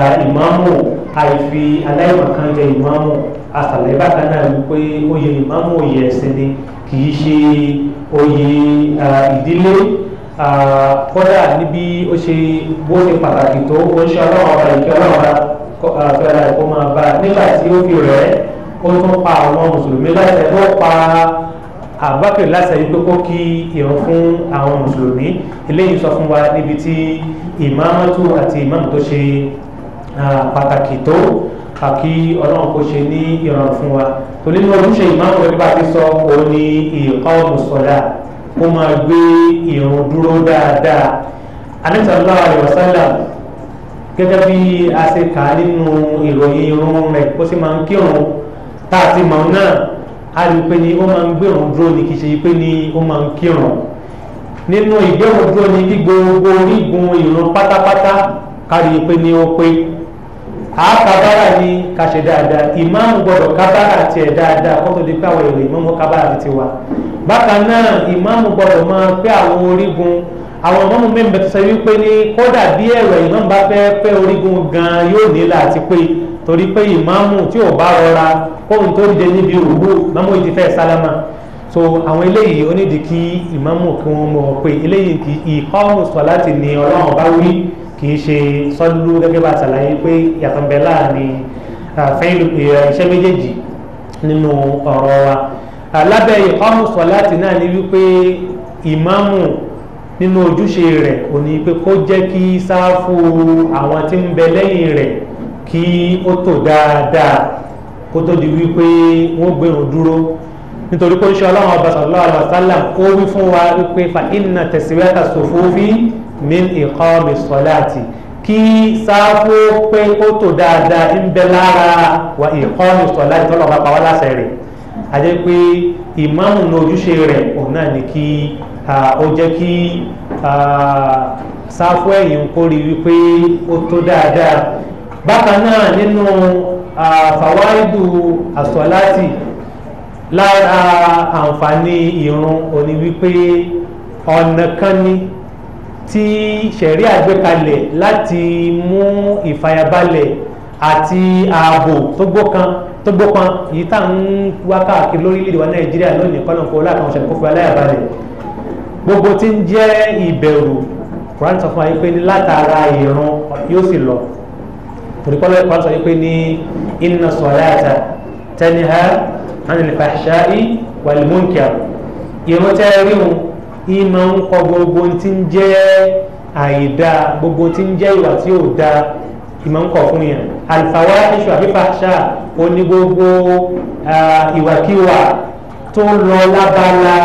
Eh, ìmáàmù àìfi aláìmọ̀kan jẹ ìmáàmù àṣàlẹ̀ bákan náà wípé oyè ìmáàmù oyè ẹ̀sìn ni kì í ṣe oyè eh, ìdílé ah, kódà níbi ó ṣe bó ṣe pàtàkì tó ó ń ṣe ọlọ́run ọba ìkẹ́ ọlọ́run ọba àfẹ́lá eh, ẹ̀kọ́ máa bá nígbà tí ó fi rẹ̀ ó tún pa àwọn mùsùlùmí láṣẹ ló pa àbákẹ́ láṣẹ yìí pé kó kí ìrun fún àwọn mùsùlùmí eléyìí sọ fún wa níbi tí ìmáàmù àti ìmáàmù tó ṣe pàtàkì tó kí ọlọ́run kò ṣe ní ìrọ̀rùn fún wa tó nínú ojúṣe ìmáàmù rẹ̀ bá ti sọ òun ni ìkọ́ọ̀mù sọ̀dà ó máa gbé ìrun dúró dáadáa anẹ́sàlá àlùwàsálà gẹ́gẹ́ bí a ṣe kà á nínú ìròyìn irun rẹ̀ ó sì máa ń kírun tá a ti mọ̀ náà a rí i pé ni ó máa ń gbérun dúró ni kì ṣe pé ni ó máa ń kírun nínú ìgbérun dúró ni gbogbo orígun ìrun pátápátá kárí i pé ni ó pé àkàbàrà ni kàṣẹ dáadáa ìmáàmù gbọ́dọ̀ kábàrà tiẹ̀ dáadáa kó tó di pé àwọn èrò ìmáàmù kábàrà ti tiwa bákan náà ìmáàmù gbọ́dọ̀ máa pé àwọn orígun àwọn ìmáàmù mẹ́mbẹ́ tó sọ wípé ní kódà bí ẹ̀rọ ìmáàmù bá fẹ́ pé orígun gan-an yóò nílà àti pé torí pé ìmáàmù tí ò bá rọra kóhun tó dé níbi òwú mọ́mú ìdí fẹ́ sálámà so àwọn eléyìí ó nídìí kí ìmáàmù kí wọ́n mọ̀ pé eléyìí kì í ìkọ́ kì í ṣe sọ́dúró gẹ́gẹ́ bá ṣàlàyé pé yàtọ̀ ń bẹ láàrin fẹ́yìn iṣẹ́ méjèèjì nínú ọ̀rọ̀ wa lábẹ́ ìkọ́mù sọ̀láàtì náà ni wípé ìmáàmù nínú ojúṣe rẹ̀ ò ní pé kó jẹ́ kí sáfù àwọn tí ń bẹ lẹ́yìn rẹ̀ kí ó tò dáadáa kó tó di wípé wọ́n gbẹ̀rún dúró nítorí pé oṣù ọlọ́run ọba sallallahu alaihi wasallam ó wí fún wa wípé fa inna taswiyata sufufi min iqami salati kí sáfó pé ó tò dáadáa ń bẹ lára wa iqami salati tó lọ́ba pàwọ́ láṣẹ rẹ̀ a jẹ́ pé ìmáàmù ní ojúṣe rẹ̀ òun náà ni kí ó jẹ́ kí sáfó ẹ̀yìn kórìí wípé ó tó dáadáa bákan náà nínú fàwáìdù àsọ̀láti lára àǹfààní ìrun òní wípé ọ̀nà kan ni tí ṣẹ̀rí àgbékalẹ̀ láti mú ìfàyàbalẹ̀ àti ààbò tó gbókan tó gbókan yìí tá à ń wá káàkiri lórílẹ̀‐èdè wa nàìjíríà lónìí kọ́nà kó láàkàn ṣẹ̀lẹ̀ kó fi aláyàbalẹ̀ gbogbo tí ń jẹ́ ìbẹ̀rù Quran sọ fún wa yìí pé látara ìrun yóò sì lọ torí kọ́lọ́ Quran sọ pé ní inna salata tanha àni fàṣáì wàlúmọ́nkìá ìrún tẹ́ rí wọn ìmọ̀ ń kọ gbogbo tí ń jẹ́ àìdá gbogbo tí ń jẹ́ ìwà tí ò dáa ìmọ̀ ń kọ̀ fún yẹn àlùfáwá iṣu àbí fàṣà oní gbogbo ìwàkiwà tó lọ lábala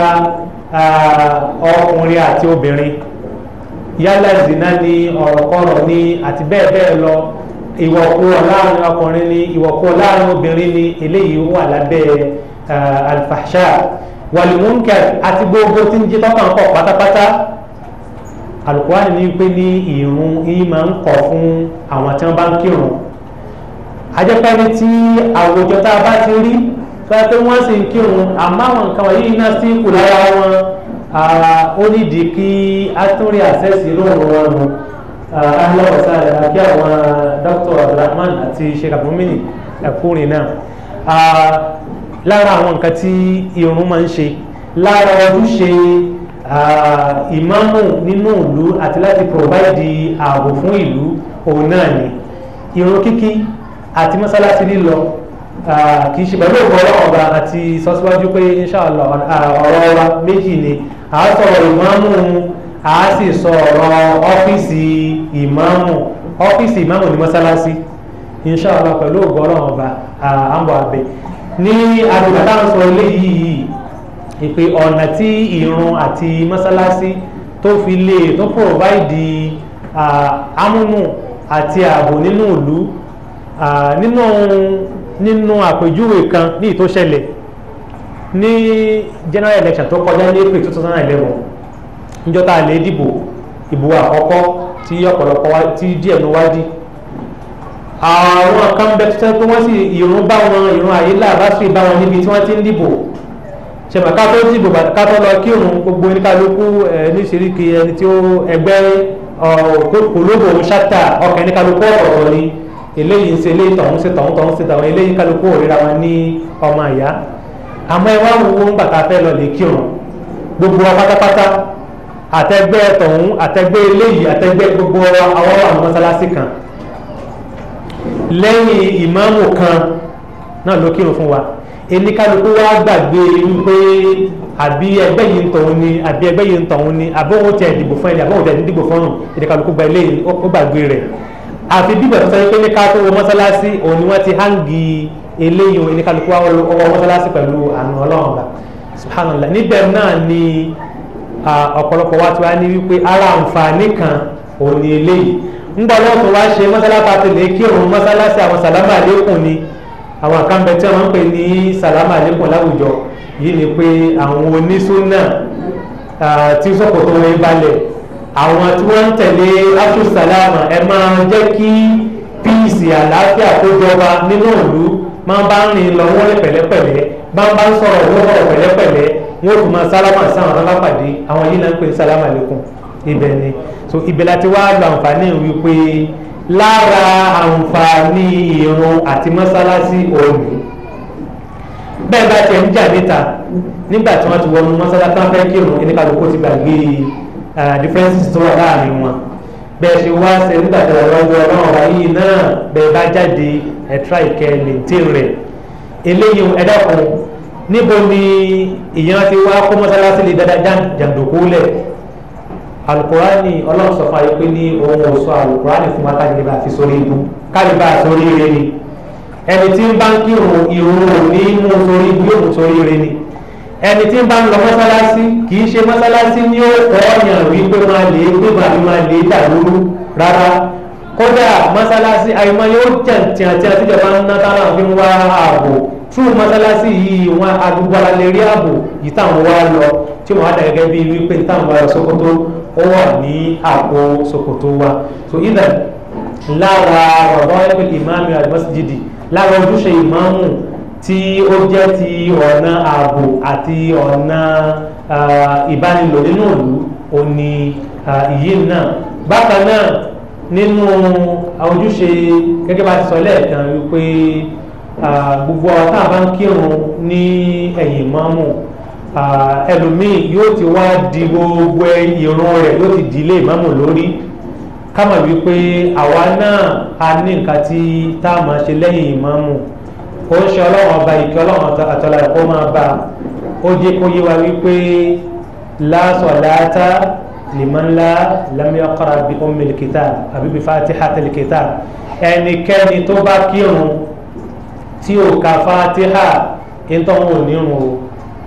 ọkùnrin àti obìnrin yálà zina ni ọ̀rọ̀kọ̀rọ̀ ni àti bẹ́ẹ̀ bẹ́ẹ̀ lọ ìwọ̀kúwọ̀ láàrin ọkùnrin ni ìwọ̀kúwọ̀ láàrin obìnrin ni eléyìí wà lábẹ́ alfahsha walimunkar àti gbogbo tí ń jí tọ́kàn kọ̀ pátápátá alukuhani ni pé ní ìrun yìí máa ń kọ̀ fún àwọn tí wọ́n bá ń kírun ajẹ́pẹ́ni tí àwùjọ tá a bá ti rí fẹ́ pé wọ́n sì ń kírun àmọ́ àwọn nǹkan wọ̀nyí iná sí kù wọn ó nídìí kí á tún rí àṣẹ́sì lóòrùn wọn nù ahla wa sahla àti àwọn eh, dr abdulrahman àti sheikh abdulmini ẹkùnrin náà lára àwọn nǹkan tí irun máa ń ṣe lára ojúṣe ìmáàmù nínú ìlú àti láti provide ààbò fún ìlú òun náà ni irun kíkí àti mọ́sálásí lílọ kì í ṣe pẹ̀lú ògbọ́n ọba àti sọ́síwájú pé inṣàlá ọ̀rọ̀ wa méjì ni àá sọ̀rọ̀ ìmáàmù a sì sọ̀rọ̀ ọ́fíìsì ìmáàmù ọ́fíìsì ìmáàmù ní mọ́sálásí inṣàlá pẹ̀lú ògbọ́ ọlọ́run ọba àbọ̀ abẹ ní àdùgbàtà ń sọ eléyìí ìpè ọ̀nà tí ìrun àti mọ́sálásí tó fi lè tó pòròváìdì amúnù àti ààbò nínú ìlú nínú nínú àpèjúwe kan ní ìtó ṣẹlẹ̀ ní general election tó kọjá ní april two thousand and eleven níjọ́ tá dìbò ìbò àkọ́kọ́ tí ọ̀pọ̀lọpọ̀ wa tí díẹ̀ ló wá dí àwọn kan bẹ tó tó wọ́n sì ìrún bá wọn ìrún àyílà bá sì bá wọn níbi tí wọ́n ti ń dìbò ṣèmọ̀ ká tó dìbò ká tó lọ kírun gbogbo oníkálukú ẹ níṣìíríkì ẹni tí ó ẹgbẹ́ kòlóbò ṣáta ọkàn oníkálukú ọ̀rọ̀ ni eléyìí ń ṣe eléyìí tọ̀hún ṣe tọ̀hún tọ̀hún ṣe tọ̀hún eléyìí kálukú òrìra wọn ní ọmọ ìyá àmọ́ ẹ wá wo ń gbà ká fẹ́ lọ lè kírun gbogbo wa pátápátá àtẹgbẹ́ tọ̀hún àtẹgbẹ́ eléyìí àtẹgbẹ́ gbogbo àwọn àwọn mọ́sálásí kan lẹ́yìn ìmáàmù kan náà ló kírun fún wa eníkálukú wa gbàgbé wípé àbí ẹgbẹ́ yìí ń tọ̀hún ni àbí ẹgbẹ́ yìí ń tọ̀hún ni àbóhùn tiẹ̀ dìbò fún ẹni àbóhùn tiẹ̀ dìbò fún ọ̀nà eníkálukú gba eléyìí ó gbàgbé rẹ̀ àfi bíbẹ̀ tó sọ pé ní ká wọ mọ́sálásí òun ni wọ́n ti hángi eléyìí eníkálukú wa wọ mọ́sálásí pẹ̀lú àná ọlọ́run gbà subhanallah níbẹ̀ náà ni ọ̀pọ̀lọpọ̀ wa ti wá ní wípé ara àǹfààní kan òun ni eléyìí ńgbà náà tó wá ṣe mọ́sálásá tẹ̀lé kírun mọ́sálásí àwọn sàlámà lẹ́kùn ni àwọn àkànbẹ tí wọ́n ń pè ní sàlámà lẹ́kùn láwùjọ yìí ni pé àwọn onísúnà tí sọ̀kòtò wọn balẹ̀ àwọn tí wọ́n ń tẹ̀lé afúsàlámà ẹ máa jẹ́ kí píìsì àlàáfíà tó jọba nínú ìlú máa bá ń rìn lọ wọ́n pẹ̀lẹ́pẹ̀lẹ́ máa bá sọ̀rọ̀ wọ́n pẹ̀lẹ́pẹ̀lẹ́ wọn ò tún máa sálámà sáwọn alápàdé àwọn yìí náà ń pè ní sálámà aleikum ibẹ̀ ni so ibẹ̀ láti wá gba àǹfààní wípé lára àǹfààní ìrun àti mọ́sálásí òní bẹ́ẹ̀ bá tiẹ̀ ń jà níta nígbà tí wọ́n ti wọnú mọ́sálásí wọn fẹ́ kírun ẹni kálukú ti gbàgbé differences tó wà láàrin wọn bẹ́ẹ̀ ṣe wá ṣe nígbà tí wọ́n lọ́wọ́ ọlọ́run wa yìí náà bẹ́ẹ̀ bá jáde ẹ̀tra ìkẹ́ lè tẹ̀ rẹ̀ eléyìí ẹ̀dá níbo ni ìyẹn ti wá kó mọ́sálásí lè dáadáa jàǹdùkú lẹ̀ alukurani ọlọ́run sọ fún ayé pé ní òun ò sọ alukurani fún wa káàdì bá fi sórí ibu káàdì bá sórí ire ni ẹni tí ń bá ń kírun ìrun ò ní mú sórí ibu yóò mú sórí ire ni ẹni tí ń bá ń lọ mọ́sálásí kì í ṣe mọ́sálásí ní ó kọ́ ọ̀yàn wípé máa lè pé màmí máa lè dà lóru rárá kódà mọ́sálásí àyùmọ́ yóò jẹ̀ tìǹtìǹtì tí wọn mọ́sálásí yìí wọn adúgbòlá lè rí ààbò yìí táwọn wá lọ tí wọn á dà gẹ́gẹ́ bíi wípé táwọn wá Sokoto ó wà ní àpò Sokoto wa so either lára ọ̀rọ̀ ẹgbẹ́ ìmáàmù àlùmọ́sídìdì lára ojúṣe ìmáàmù tí ó jẹ́ ti ọ̀nà ààbò àti ọ̀nà ìbánilò nínú ìlú òní ìyí náà bákan náà nínú ojúṣe gẹ́gẹ́ bá ti sọ lẹ́ẹ̀kan wípé gbogbo àwọn tá a bá ń kírun ní ẹ̀yìn mọ́mù ẹlòmíì yóò ti wá di gbogbo ìrun rẹ̀ yóò ti di ilé ìmọ̀mù lórí kámà wípé àwa náà a ní nǹkan tí tá a máa ṣe lẹ́yìn ìmọ̀mù ó ń ṣe ọlọ́run ọba ìkẹ́ ọlọ́run àtọ́lá ẹ̀kọ́ máa bá ó jẹ́ kó yé wa wípé la salata liman la lam yaqra bi àbí bi fatihatil kitab ẹnikẹ́ni tó bá kírun tí ò ka fatiha ìtọ́wọ́n ò ní rùn o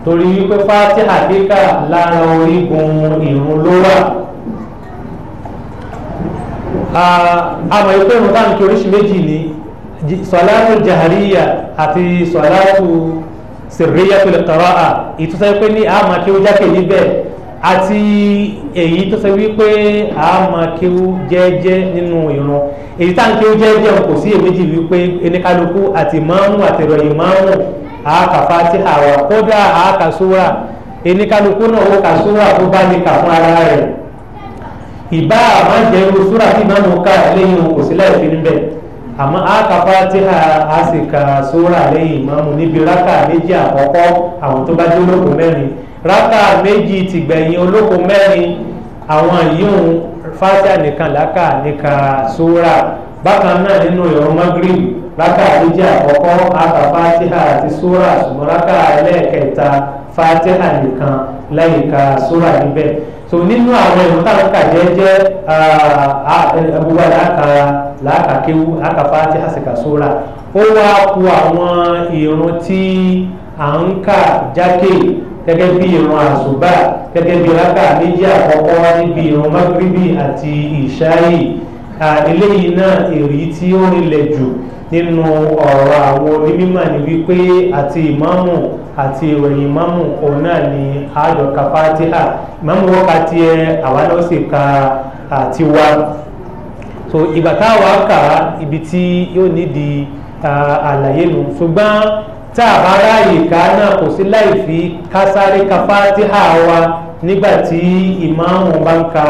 torí wípé fatiha kíkà lára orígun ìrun ló wà àmọ́ ìpè ìrun táwọn kí oríṣi méjì ní sọláàtù jahariya àti sọláàtù sirriya fil qira'a ìtúsẹ́ pé ní àmọ́ kí ó jákè níbẹ̀ àti èyí tó ṣe wípé a máa kéwú jẹ́ẹ́jẹ́ nínú ìrun èyí tá à ń kéwú jẹ́ẹ́jẹ́ kò sí èméjì wípé eníkálukú àti máàmù àtẹ̀rọ̀yìn máàmù àáka fatiha wa kódà àáka eníkálukú náà ó ka tó bá lè kà fún ara rẹ̀ ìbá a jẹ́ tí máàmù ká lẹ́yìn kò sí láì fi níbẹ̀ àmọ́ akafa fatiha a lẹ́yìn níbi rákà méjì àkọ́kọ́ àwọn tó bá dé mẹ́rin rákà méjì tìgbẹ̀yìn olóko mẹ́rin àwọn yíyún fásíà nìkan làákà nìkan sóra bákan náà nínú ìrun magrib rákà méjì àkọ́kọ́ àti sóra ṣùgbọ́n rákà ẹlẹ́ẹ̀kẹta fásíà nìkan lẹ́yìn ka sóra níbẹ̀ so nínú àwọn táwọn kà jẹ́jẹ́ kéwú àkà sóra ó wá ku àwọn tí à ń kà jákè gẹ́gẹ́ bí irun àsùbá gẹ́gẹ́ bí rákà méjì àkọ́kọ́ níbi irun magribi àti ìṣáì eléyìí náà èrí tí ó rinlẹ̀ jù nínú ọ̀rọ̀ àwọn onímọ̀ ni wípé àti ìmáàmù àti ìròyìn ìmáàmù òun náà ni àádọ́ka fatiha ìmáàmù wọ́n ka tiẹ̀ àwa náà sì ka tiwa so ìgbà táwa kà ibi tí yóò nídìí àlàyé nù tá a bá ráàyè ká náà kò sí láì fi kásáré ka fátíhà wa nígbà tí ìmáàmù bá ń ka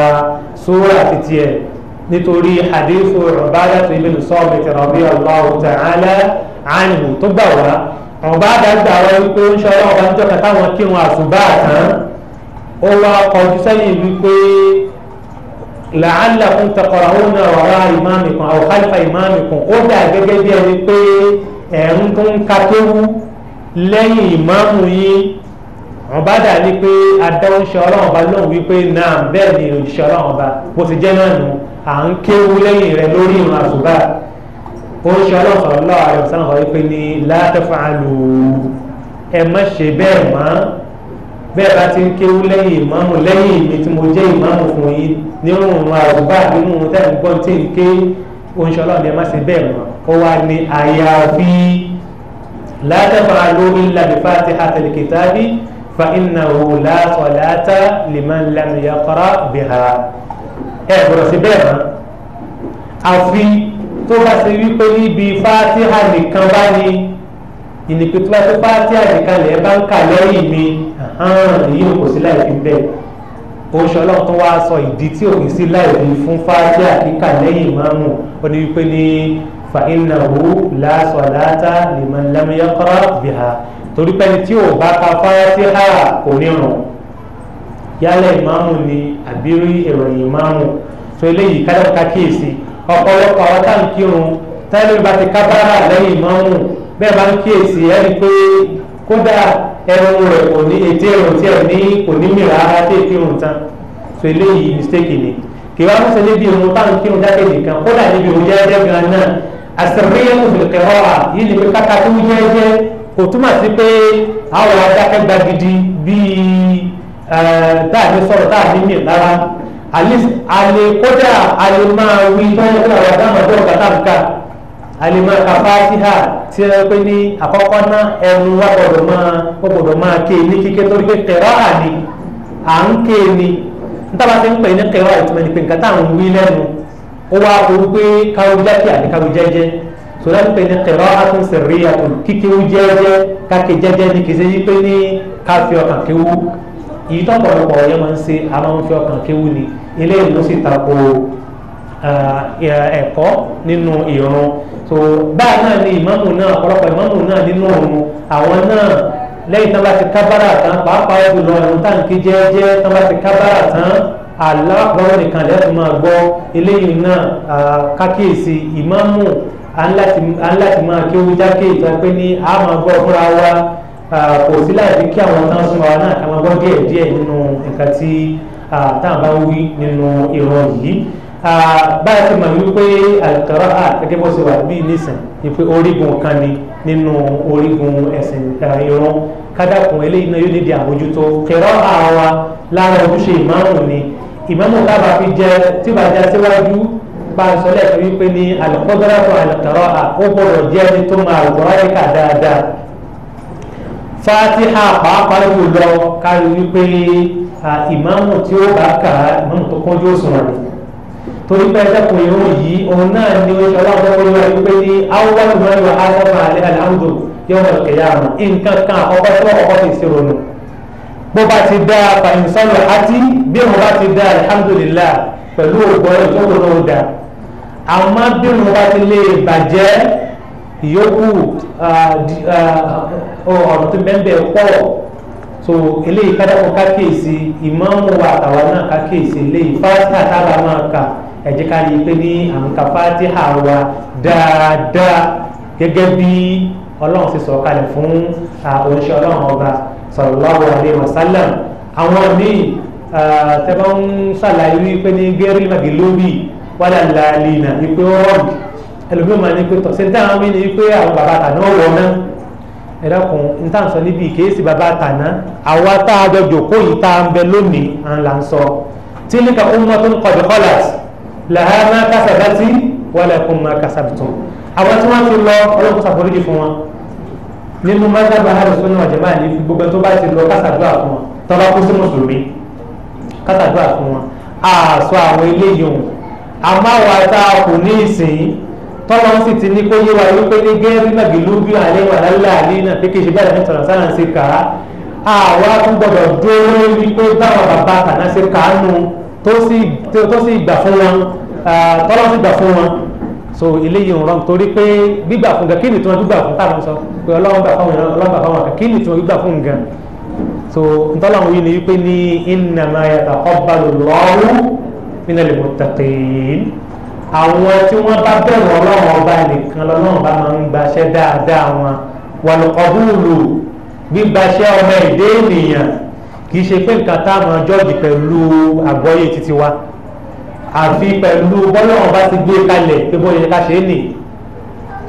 sóra títí ẹ̀ nítorí hadithu Ubadatu ibn Samit radiyallahu ta'ala anhu tó gbà wá Ubada gbà wá wípé ó ń ṣọwọ́ ọba ń jọ́ka táwọn kírun àsùbá tán ó wá kọjú sẹ́yìn wípé la'allakum taqra'una wara imamikum aw khalfa imamikum ó dà gẹ́gẹ́ bí ẹni pé ẹ̀rùn tó ń ka tó wú lẹ́yìn ìmáàmù yín àwọn bá dà ní pé adáwó ṣe ọlọ́run ọba lóhùn wípé náà bẹ́ẹ̀ ni òṣìṣẹ́ ọlọ́run ọba bó ti jẹ́ náà nù à ń kéwu lẹ́yìn rẹ̀ lórí ìrun àsùbá òṣìṣẹ́ ọlọ́run sọ̀rọ̀ lọ́wọ́ àrẹ ọ̀sán ọ̀rọ̀ wípé ní látẹ̀fọ́ àlò ẹ má ṣe bẹ́ẹ̀ mọ́ bẹ́ẹ̀ bá ti ń kéwu lẹ́yìn ìmáàmù lẹ́yìn mi tí mo jẹ́ ìmáàmù fún yín nínú ìrun àsùbá nínú tẹ̀ ń gbọ́n ó wá ní àyàfi la taf'alu illa bi fatihatil kitabi fa innahu la salata liman lam yaqra biha ẹ gbọ́dọ̀ sí bẹ́ẹ̀ mọ́ àfi tó bá ṣe wípé níbi fatiha nìkan bá ní ìnìpé tó bá ṣe fatiha nìkan lẹ̀ bá ń kà lẹ́yìn mi èyí kò sí láì fi bẹ́ẹ̀ oṣọlọ tó wá sọ ìdí tí òfin sí láìpẹ́ fún fájà kíkà lẹ́yìn ìmáàmù ó ní wípé ní فإنه لا صلاة لمن لم يقرأ بها torí pé ẹni tí ò bá ka fátíhà kò ní rùn yálà ìmáàmù ni àbírí ìròyìn ìmáàmù tó eléyìí kálọ̀ ká kíyèsí ọ̀pọ̀lọpọ̀ àwọn tá à ń kírun táyọ̀ bá ti kábàárà lẹ́yìn ìmáàmù bẹ́ẹ̀ bá ń kíyèsí ẹni pé kódà ẹrun rẹ̀ kò ní ètè ẹrun tí ẹ̀ ní kò ní mìíràn ara tí èké rùn tán tó eléyìí mistake ni kì wá mọ́sẹ̀ níbi ìrun táwọn kírun jáde nìkan kódà níbi ìrun jẹ́jẹ́ gan náà àṣìríyẹ́ tó fi kẹ̀rọ à yìí ni pé káka tó jẹ́jẹ́ kò túmọ̀ sí pé àwọn adákẹ́ gbagidi bíi táàbí sọ̀rọ̀ táàbí mì lára àlè kódà àlè máa wí tọ́jú pé àwọn adámọ̀dé ọ̀gá táàbùkà àlè máa ka fátíhà tí ẹ pé ní àkọ́kọ́ náà ẹnu wa gbọ́dọ̀ máa gbọ́dọ̀ máa ké ní kíké torí pé kẹ̀rọ à ni à ń ké ni nítorí wọn ti ń pè ní kẹ̀rọ ìtumọ̀ ní pé nǹkan táwọn wí lẹ́nu ó wá orú pé káwó jákè àti káwó jẹ́jẹ́ sọlá ń pè ní kẹrọ àtúnṣe rí àtún kíkéwú jẹ́jẹ́ káké jẹ́jẹ́ ní kìí ṣe pé ní káfí ọkàn kéwú èyí tó pọ̀lọpọ̀ ọ̀yẹ́ máa ń ṣe a ń fi ọkàn kéwú ni eléyìí ló sì tako ẹ̀kọ́ nínú ìrun so báyìí náà ni ìmáàmù náà ọ̀pọ̀lọpọ̀ ìmáàmù náà nínú òun àwọn náà lẹ́yìn tán bá ti kábàrà tán pàápàá jùlọ ìrun táǹkì jẹ́jẹ́ tán bá ti kábàrà tán aláàbọ̀rọ̀ nìkan lẹ́tọ̀ máa gbọ́ eléyìí náà kákíyèsí ìmáàmù aláti máa kí owó jákè ìtọ́pẹ́ ní a máa gbọ́ fúnra wa kò sí láti kí àwọn tán súnmọ́ wa náà ká máa gbọ́ díẹ̀ díẹ̀ nínú nǹkan tí táwọn bá wí nínú ìran yìí báyìí ti mọ̀ wípé àkàrà à gẹ́gẹ́ bó ṣe wà bí nísìn wípé orígun kan ni nínú orígun ẹ̀sìn ìran kádàkùn eléyìí náà yóò nídìí àmójútó kẹrọ àwa lára ojúṣe ìmáàmù ni ìmáàmù tábà fi jẹ tí ó bá jẹ síwájú bá a sọ lẹ́ẹ̀kan wípé ní alùpùpùpù àlùkàrọ̀ àkóbọ̀rọ̀ jẹ́ ẹni tó máa wọ̀rọ̀ ẹ̀ka dáadáa fatiha pàápàá yóò lọ kárí wípé ìmáàmù tí ó bá kà á ìmáàmù tó kọjú òṣùwọ̀n rẹ̀ torí pé ẹ̀dẹ́kun ìrún yìí òun náà ni ó ṣe ọlọ́run wípé ní awọ́lùmọ́ yóò há sọ́kàn àlẹ́ àlẹ́ àwùjọ yóò wọ̀ kẹ̀yà àrùn nǹkan kan àkọ́kọ́ tí bó bá ti dá fàyínsánù àti bí wọn bá ti dá alihamudulilayi pẹ̀lú ògbọ́n tó wọn ò dá àmọ́ bí wọn bá ti lè bàjẹ́ ìyókù ọ̀rọ̀ tó bẹ́ẹ̀ pọ̀ so eléyìí kádàpọ̀ kákèsí ìmáàmù wa àtàwọn náà kákèsí eléyìí fásitì àtàwọn máa kà ẹ jẹ́ ká rí i pé ní àǹkà fatiha wa dáadáa gẹ́gẹ́ bí ọlọ́run ṣe sọ̀kalẹ̀ fún oníṣẹ́ ọlọ́run ọba sallallahu alayhi wa sallam àwọn míì tẹ́bọ̀ ń ṣàlàyé wípé ní gẹ́rì màgìlóbì wàlà làlìnà ìpè rọ́ọ̀bù ẹlòmíràn máa ní pé tọ̀sí táwọn mí ní pé àwọn bàbá àtàná wọ̀ ná ẹ̀rọ̀kùn ní tá sọ níbi ìkéésì bàbá àtàná àwa tá a yìí tá a ń bẹ lónìí à ń là ń sọ tilka ummatun qad khalat laha ma kasabat wa lakum ma kasabtum àwọn tí wọ́n ti lọ ọlọ́kùnrin ṣàforíjì fún wọn nínú mọ́tàbà àdùsùn náà jẹ́ máa ní fi gbogbo tó bá ti lọ kásàdúrà fún wọn tọ́ba kú sí mùsùlùmí kásàdúrà fún wọn àṣọ àwọn eléyìí òun àmọ́ àwọn ata kò ní ìsìn tọ́lọ́ sì ti ní kó yé wa wípé ní gẹ́rí náà gèlúgbì alẹ́ wà lálẹ́ àlẹ́ náà pé kí n ṣe bẹ́ẹ̀ ní tọ̀nà sáà ń ṣe kà á àwa tún gbọdọ̀ dúró lórí pé bàbá tàná ṣe kà á nu tó sì gbà fún wọn tọ́lọ́ sì gbà fún wọn so eléyìí ń rán torí pé gbígbà fún gan kí ni tí wọn gbígbà fún táwọn sọ pé ọlọ́run gbà fáwọn ìran ọlọ́run gbà fáwọn kí ni tí wọn gbígbà fún gan so ntọ́làwọn yìí ni wípé ní innama yataqabbalu Allahu minal muttaqin àwọn tí wọ́n bá bẹ̀rù ọlọ́run ọba nìkan lọ́lọ́run bá máa ń gbaṣẹ́ dáadáa wọn wal qabulu gbígbaṣẹ́ ọmọ èdè ènìyàn kì í ṣe pé nǹkan táwọn jọ́ọ̀jì pẹ̀lú àgbọ́yé títí wa àfi pẹ̀lú bọ́lọ́run bá ti gbé kalẹ̀ pé bó yẹ ká ṣe é nì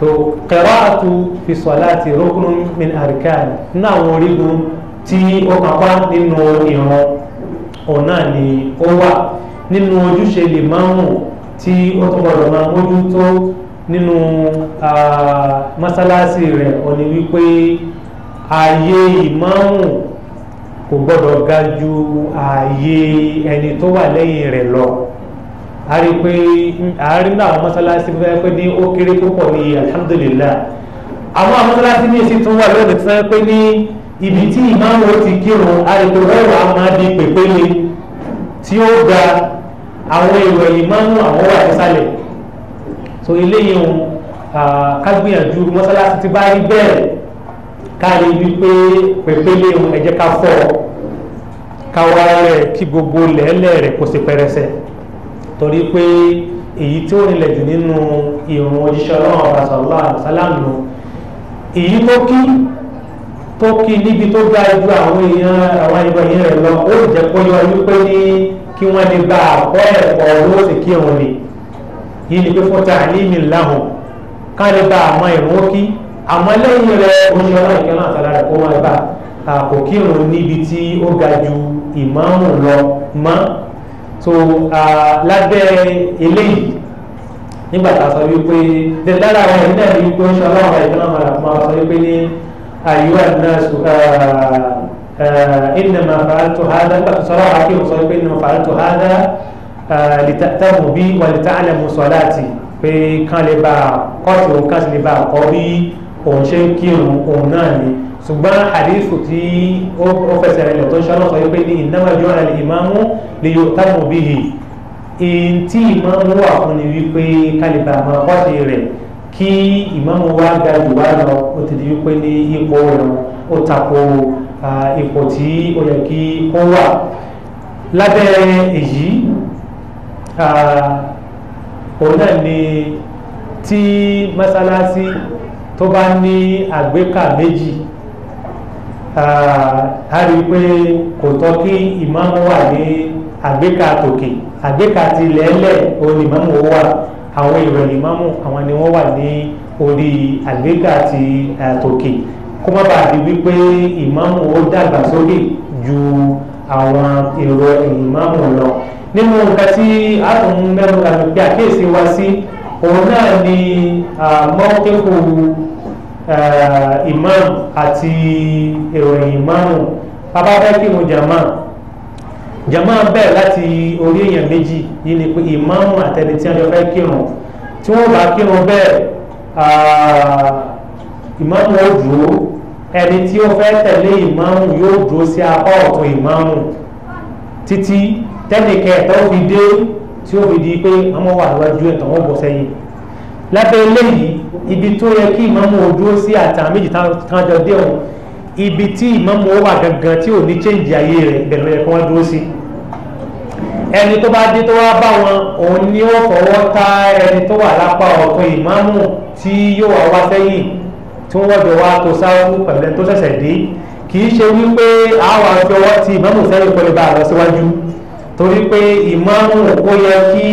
tó qira'atu fi salati ruknun min arkan nínú àwọn orígun tí ó kápá nínú ìran ọ̀nà ni ó wà nínú ojúṣe lè máa ń wò tí ó tún gbọdọ̀ máa mójútó nínú mọ́sálásí rẹ̀ ó wípé ààyè ìmáàmù kò gbọdọ̀ ga ju ààyè ẹni tó wà lẹ́yìn rẹ̀ lọ a rí pé àárín náà mọ́sálásí fẹ́ pé ní ó kéré púpọ̀ ní alhamdulillah àwọn mọ́sálásí ní èsì tún wà lónìí tí wọ́n pé ní ibi tí ìmáàmù ó ti kírun a rí pé wẹ́ẹ̀rọ a máa di pèpéle tí ó ga àwọn èrò ìmáàmù àwọn wà nísàlẹ̀ so eléyìí ń kágbìyànjú mọ́sálásí ti bá rí bẹ́ẹ̀ káàrí wípé pèpéle ń ẹ̀jẹ̀ ká fọ́ ká wá rẹ̀ kí gbogbo lẹ́ẹ̀lẹ́ rẹ̀ kó ṣe pẹrẹsẹ torí pé èyí tí ó rinlẹ̀ jù nínú ìrun òjíṣẹ́ ọlọ́run ọba sallallahu alaihi wasallam èyí tó kí tó kí níbi tó ga ju àwọn èèyàn àwọn ẹgbẹ́ yẹn rẹ̀ lọ ó jẹ́ kó yọ wípé ní kí wọ́n lè gba àkọ́ ẹ̀kọ́ ló sì kí òun ni yìí ni pé fún tàlímì láhùn ká lè gba àmọ́ ìrun ó kí àmọ́ lẹ́yìn rẹ̀ oṣù ọlọ́run náà sára rẹ̀ kó máa gbà kò kírun níbi tí ó ga ju ìmáàmù lọ mọ́ so uh, lábẹ́ eléyìí nígbà tá a sọ wípé the lára àwọn ẹ̀mí náà ní pé ó ń ṣe ọlọ́run ẹ̀mí náà máa máa sọ wípé ní àyíwá náà sọ innama fa'altu hadha nígbà tó sọ́lá wàá kí òun sọ wípé innama fa'altu hadha uh, lìtàtàmù bí wà lìtàlẹ̀mù salati pé kán lè bá kọ́ọ̀tù kán sì lè bá kọ́ bí òun ṣe ń kírun òun náà ni ṣùgbọ́n hadithu tí ó fẹsẹ̀ rẹ̀ lọ́tọ́ ṣọlọ́ sọ pé ní innama ju'ila al-imamu liyu'tamu bihi ntí ìmáàmù wà fún ni wípé kálíbà máa kọ́ṣe rẹ̀ kí ìmáàmù wa ga jù wá lọ ó ti di wípé ní ipò rẹ̀ ó tako ipò tí ó yẹ kí ó wà lábẹ́ èyí òun náà ni tí mọ́sálásí tó bá ní àgbékà méjì a rí i pé kò tọ́ kí ìmáàmù wà ní àgbékà tòkè àgbékà ti lẹ́lẹ̀ òun ni ìmáàmù wà àwọn ìròyìn ìmáàmù àwọn ni wọ́n wà ní orí àgbékà ti tòkè kó má bàa di wípé ìmáàmù ó dàgbà sókè ju àwọn èrò ìmáàmù lọ nínú nǹkan tí a tún mẹ́nu àmì pé àkíyèsí wa sí òun náà ni mọ́kẹ́kọ̀ọ́. Eh, imam àti ìròyìn imamu bàbá fẹ́ kí wọn jàmá jàmá bẹ́ẹ̀ láti orí èèyàn méjì yìí ni pé imamu àtẹni tí wọn fẹ́ kírun tí wọn bá kírun bẹ́ẹ̀ imamu eh, ó dúró ẹni tí ó fẹ́ tẹ̀lé imamu yóò dúró sí apá ọ̀tún imamu títí tẹ́nìkẹ́ tó fi dé tí ó fi di pé ọmọ wà níwájú ẹ̀ tó bọ̀ sẹ́yìn lábẹ́ eléyìí ibi tó yẹ kí ìmáàmù ojú ó sí àtàn méjì tán jọ dé òun ibi tí ìmáàmù ó wà gangan tí ò ní chẹ́ǹjì ayé rẹ̀ ìbẹ̀rù yẹ kí wọ́n dúró sí ẹni tó bá dé tó wá bá wọn òun ni ó fọwọ́ ta ẹni tó wà lápá ọ̀tún ìmáàmù tí yóò wá wá sẹ́yìn tí wọ́n jọ wá tó sáwọ́ pẹ̀lú tó ṣẹ̀ṣẹ̀ dé kì í ṣe wípé àwọn àfi ọwọ́ ti ìmáàmù sẹ́yìn pẹ̀lú bá lọ síwájú torí pé ìmáàmù ó yẹ kí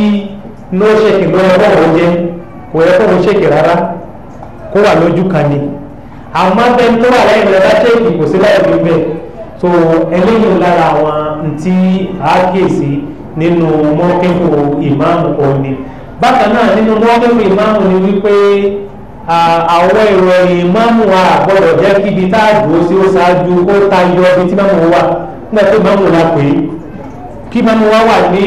ló ṣe kìlọ́ ọwọ́ òun jẹ́ kò yẹ kó wọn ṣèkì rárá kó wà lójú kan ni àmọ́ ẹni tó wà lẹ́yìn rẹ̀ bá ṣèkì kò sí láì fi bẹ́ẹ̀ tó eléyìí lára àwọn ntí àákèsí nínú mọ́kẹ́kù ìmáàmù òní bákan náà ni wípé ìmáàmù wa gbọ́dọ̀ jẹ́ kí ibi tá a dúró sí ó ṣáájú tayọ ibi tí wà nígbà tó la pè é kí wa wà ní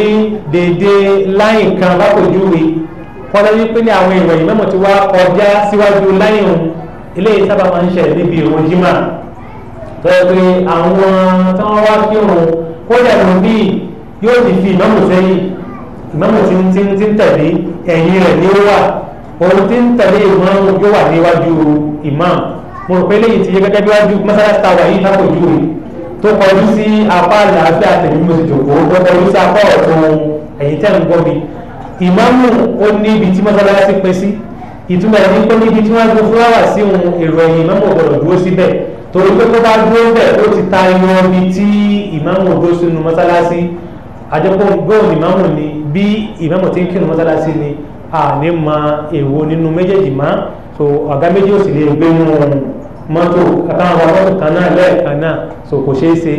kọ́lá yín pé ní àwọn ìròyìn mẹ́mọ̀ tí wàá kọjá síwájú láyìn òun eléyìí sábà máa ń ṣẹlẹ̀ níbi ìrun jimá bẹ́ẹ̀ pé àwọn tí wọ́n wá kí òun kódà ló bí yóò ti fi ìmọ̀mù sẹ́yìn ìmọ̀mù tí ń tí ń tẹ̀lé ẹ̀yìn rẹ̀ ní ó wà òun tí ń tẹ̀lé ìmọ̀mù yóò wà níwájú ìmọ̀mù mo rò pé léyìí ti yẹ gẹ́gẹ́ bí wájú mọ́sálásí ta wà yìí lápòjú rẹ̀ tó kọjú sí apá àlàáfíà tẹ̀lé mo sì jòkó tó kọjú sí apá ọ̀tún ẹ̀yìn tẹ̀ ń gbọ́ mi ìmáàmù ó ní ibi tí mọ́sálásí pín sí ìtumọ̀ ẹni pé níbi tí wọ́n gbé fúláwà sí ohun èrò ẹ̀yìn ìmáàmù ọ̀gbọ̀dọ̀ dúró síbẹ̀ torí pé tó bá dúró bẹ̀ ó ti ta yan ibi tí ìmáàmù dúró sínú mọ́sálásí àjẹpọ̀ gbóhùn ìmáàmù ni bí ìmáàmù ti ń kírun mọ́sálásí ni àní mọ èwo nínú méjèèjì má so ọ̀gá méjì ò sì lè gbé wọn mọ́tò àtàwọn ọmọ mọ́tò kan náà lẹ́ẹ̀kan náà so kò ṣeé ṣe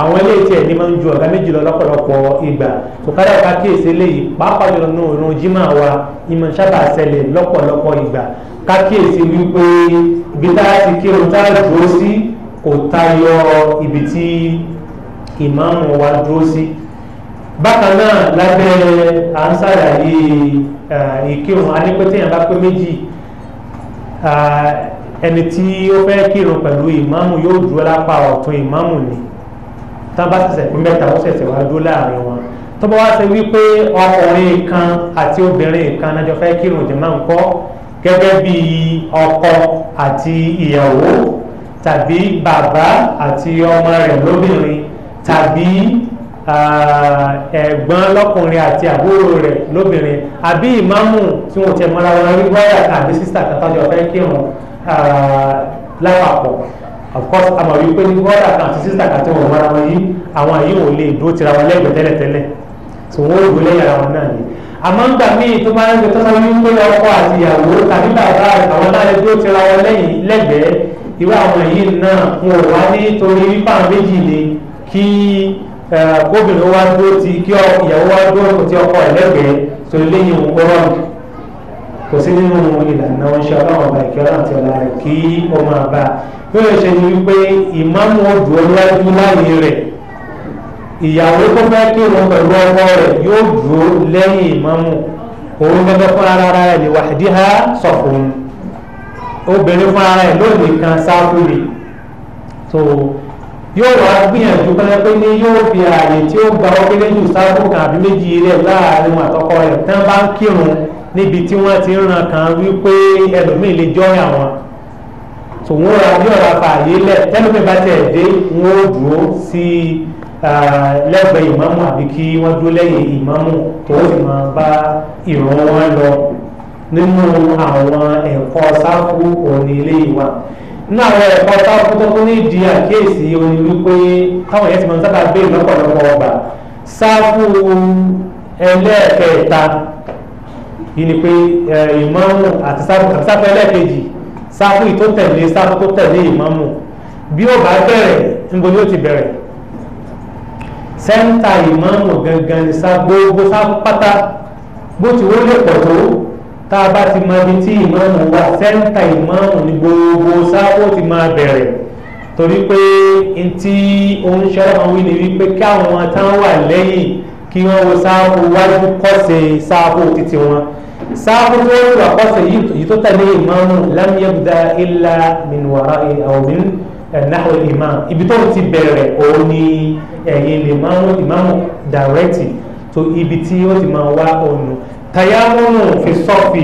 àwọn ilé tiẹ̀ ní máa ń ju ọ̀gá méjì lọ lọ́pọ̀lọpọ̀ ìgbà tòkárà ọ̀ká kíyèsí eléyìí pàápàá jùlọ nù òrùn jimá wa ìmọ̀ sábà ṣẹlẹ̀ lọ́pọ̀lọpọ̀ ìgbà ká kíyèsí wípé ibi tá a ti kírun tá a dúró sí kò tayọ ibi tí ìmáàmù wa dúró sí bákan náà lábẹ́ à ń ṣàlàyé ìkírun a ní bá pé méjì ẹni tí ó fẹ́ kírun pẹ̀lú ìmáàmù yóò dúró lápá ọ̀tún ìmáàmù ni tán bá ṣẹ̀ṣẹ̀ pé mẹ́ta ó ṣẹ̀ṣẹ̀ wá dúró láàrin wọn tó bá wá ṣe wípé ọkùnrin kan àti obìnrin kan náà jọ fẹ́ kírun jàmá ń kọ́ gẹ́gẹ́ bí ọkọ àti ìyàwó tàbí bàbá àti ọmọ rẹ̀ lóbìnrin tàbí ẹ̀gbọ́n lọ́kùnrin àti àbúrò rẹ̀ lóbìnrin àbí ìmáàmù tí wọ́n ti mọ́ra wọn rí wáyà àbí sísà kàtàjọ́ fẹ́ kírun lápapọ̀ of course a mọ̀ wípé ní brother kan àti sister kan tí wọ́n mọ́ra wọn yìí àwọn àyè ò lè dúró tira wọn lẹ́gbẹ̀ẹ́ tẹ́lẹ̀tẹ́lẹ̀ tí wọ́n ò dúró ara wọn náà ni àmọ́ nígbà míì tó máa ń gbé tọ́sán ní pé ọkọ àti ìyàwó tàbí bàbá àwọn náà lè dúró tira wọn lẹ́yìn lẹ́gbẹ̀ẹ́ irú àwọn yìí náà wọn ò wá nítorí wípé àwọn méjì ni kí gómìnà wa dúró ti kí ìyàwó wa dúró ti ọkọ ẹ̀ lẹ́gbẹ̀ẹ́ tó lẹ́yìn òun rọrùn kò sí nínú ìlànà wọn ṣe ọlọ́run ọba ìkẹ́ ọlọ́run ti ọ̀la rẹ̀ kí ó máa bá a bí o ṣe ni wípé ìmáàmù ọdún ọlọ́ọ̀dún láàyè rẹ̀ ìyàwó tó fẹ́ kírun pẹ̀lú ọkọ rẹ̀ yóò dúró lẹ́yìn ìmáàmù òun gẹ́gẹ́ fún ara rẹ̀ lè wahdiha safun obìnrin fún ara rẹ̀ lónìí kan sáfù ni tó yóò wá gbìyànjú pẹ́lẹ́pẹ́ ní yóò fi ààyè tí ó gba ọkọ lẹ́yìn sáfù kan àbí méjì rẹ̀ láàrin àtọkọ rẹ̀ tán bá ń kírun níbi tí wọ́n ti ń ràn kan wípé ẹlòmíì lè jọ́rìn àwọn so wọn ra bí ọ̀rọ̀ àfààyè lẹ̀ tẹ́lẹ̀ mi bá tẹ̀ dé wọn ó dúró sí lẹ́gbẹ̀ẹ́ ìmáàmù àbí kí wọ́n dúró lẹ́yìn ìmáàmù tó sì máa bá ìrun wọn lọ nínú àwọn ẹ̀kọ́ sáfù òní ilé ìwà nínú àwọn ẹ̀kọ́ sáfù tó tún ní ìdí àkíyèsí òní wípé táwọn yẹn ti máa ń sábà gbé lọ́pọ̀lọpọ̀ ọgbà sáfù ẹlẹ́ẹ̀kẹta yìí ni pé ìmáàmù àti sáfù ẹlẹ́ẹ̀kejì sáfù yìí tó tẹ̀lé sáfù tó tẹ̀lé ìmámù bí ó bá bẹ̀rẹ̀ níbo ni ó ti bẹ̀rẹ̀ sẹ́ńtà ìmámù gangan ní sá gbogbo sáfù pátá bó ti wọlé pọ̀ tó tá a bá ti mọ ibi tí ìmámù wà sẹ́ńtà ìmámù ní gbogbo sáfù ó ti máa bẹ̀rẹ̀ torí pé ntí oníṣẹ́ ọ̀hún wí ni wípé kí àwọn táwọn wà lẹ́yìn kí wọ́n wo sáfù wájú kọ́sẹ̀ sáfù títí wọn sáfù tó ń wà kọ́sẹ̀ yìí tó tẹ̀lé ìmáàmù lam yabda illa min wara'i aw min eh, nahwi ìmáàmù ibi tó ti bẹ̀rẹ̀ òun ni ẹ̀yìn eh, lè máa ń ìmáàmù dàrẹ́tì tó ibi tí ó ti máa wá ọ̀nà tayamunu fi sọ́ọ̀fì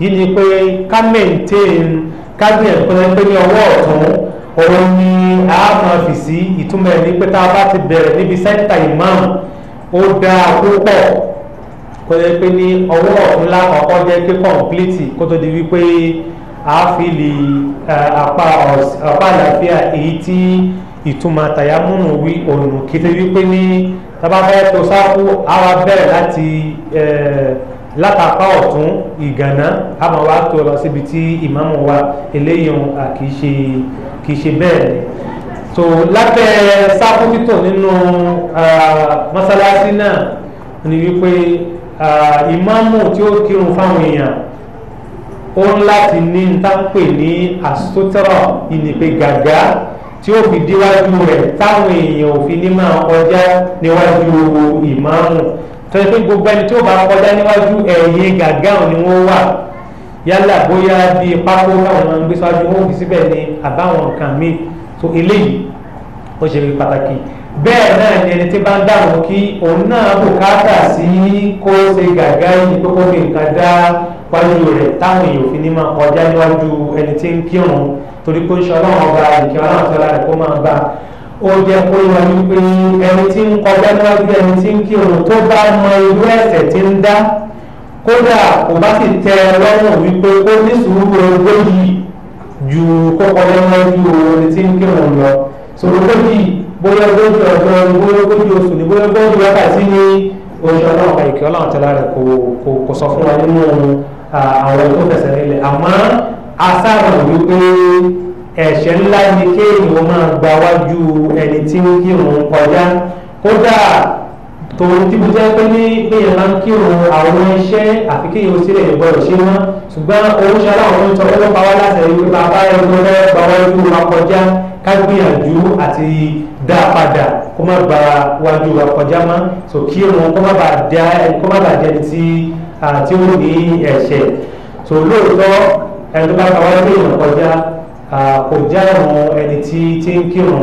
yìí ni pé ká mẹ́ǹtẹ́ẹ̀n ká gbìyànjú pé ní ọwọ́ ọ̀tún òun a máa fi sí ìtumọ̀ ẹ̀ ní pé tá a bá ti bẹ̀rẹ̀ níbi sẹ́ńtà ìmáàmù ó dáa púpọ̀ kó jẹ́ pé ní ọwọ́ ọ̀tún lákọ̀ọ́kọ́ jẹ́ pé kọ̀ǹpìlìtì kó tó di wípé àáfìlì apá àlàáfíà èyí tí ìtumọ̀ tàyámúnù wí ònù kété wípé ní tabafẹ́ tó sáfù àwa bẹ̀rẹ̀ láti látàpá ọ̀tún ìgànná a máa wá tó lọ síbi tí ìmáàmù wa eléyìí kìí ṣe ṣe bẹ́ẹ̀ ni tó lábẹ́ sáfù títò nínú mọ́sálásí náà ni wípé Ah, ìmáàmù tí ó kírun fáwọn èèyàn ó ń láti ní ntánpè ní asotọ́rọ̀ ìnìpe gàgá tí ó fi díwájú rẹ̀ táwọn èèyàn ò fi ní máa kọjá níwájú ìmáàmù tọ́jú pé gbogbo ẹni tí ó bá kọjá níwájú ẹ̀yìn gàgá ni wọ́n wà yálà bóyá bíi pákó táwọn máa ń gbé síwájú wọn ò fi síbẹ̀ ní àbáwọn nǹkan míì tó eléyìí ó ṣe pàtàkì bẹ́ẹ̀ náà ni ẹni tí bá ń dààmú kí òun náà bùkátà sí kó ṣe gàgá yìí pé kó fi nǹkan dá wájú rẹ̀ táwọn èèyàn fi ní máa kọjá níwájú ẹni tí ń kírun torí pé ṣe ọlọ́run ọba ìkẹ́ ọlọ́run tó lára kó máa bá ó jẹ́ kó yọ wípé ẹni tí ń kọjá níwájú ẹni tí ń kírun tó bá mọ irú ẹ̀ṣẹ̀ tí ń dá kódà kò bá sì tẹ lọ́rùn wípé kó ní sùúrù ogójì ju kó kọjá níwájú ẹni bóyá ogójì ọjọ́ bóyá ogójì oṣù ni bóyá ogójì wákàtí ni oṣù ọlọ́run kan ìkẹ́ ọlọ́run tẹ́lá rẹ̀ kò kò kò sọ fún wa nínú àwọn tó fẹsẹ̀ nílẹ̀ àmọ́ asáàrò wípé ẹ̀ṣẹ̀ ńlá ni kéèyàn máa gba wájú ẹni tí ń kírun kọjá kódà tòun tí mo jẹ́ pé ní kéèyàn máa ń kírun àwọn iṣẹ́ àfi kéèyàn ó sílẹ̀ ìgbọ́dọ̀ ṣe wọ́n ṣùgbọ́n oríṣi aláwọ̀ ń sọ pé wọ́n pa wá láti ẹ̀yìn pé bàbá ẹ̀gbọ́n fẹ́ gba wájú wa kọjá ká gbìyànjú àti dá a padà kó má ba wájú wa kọjá mọ́ so kí irun kó má ba dá kó má ba jẹni tí tí ó ní ẹ̀ṣẹ̀ so lóòótọ́ ẹni tó bá ka wájú èèyàn kọjá kò já irun ẹni tí tí ń kírun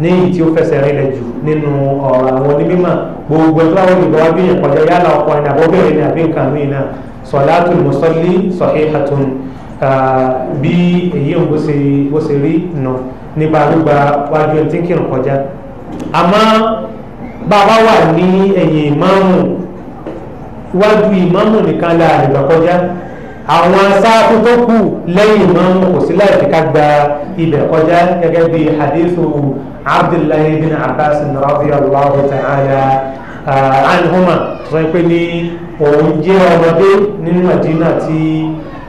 ní èyí tí ó fẹsẹ̀ rinlẹ̀ jù nínú ọ̀rọ̀ àwọn onímọ̀ gbogbo ẹgbẹ́ àwọn olùgbọ́ wájú èèyàn kọjá yálà ọkùnrin ní àbọ̀bẹ̀rẹ̀ ní àbí nǹkan mí náà sọ̀látù mùsọ̀lì sọ̀hí àtún bí èyí òun bó ṣe rí nù. No nípa gbígba wájú ẹni tí ń kírun kọjá àmọ́ bàbá wà ní ẹ̀yìn ìmáàmù iwájú ìmáàmù nìkan la àdìgbà kọjá àwọn asáàkú tó kù lẹ́yìn ìmáàmù kò sí láì fi ká gba ibẹ̀ kọjá gẹ́gẹ́ bí hadithu abdullahi bin abbas radiyallahu ta'ala anhuma sọ pé ní òun jẹ́ ọmọdé nínú àdínà tí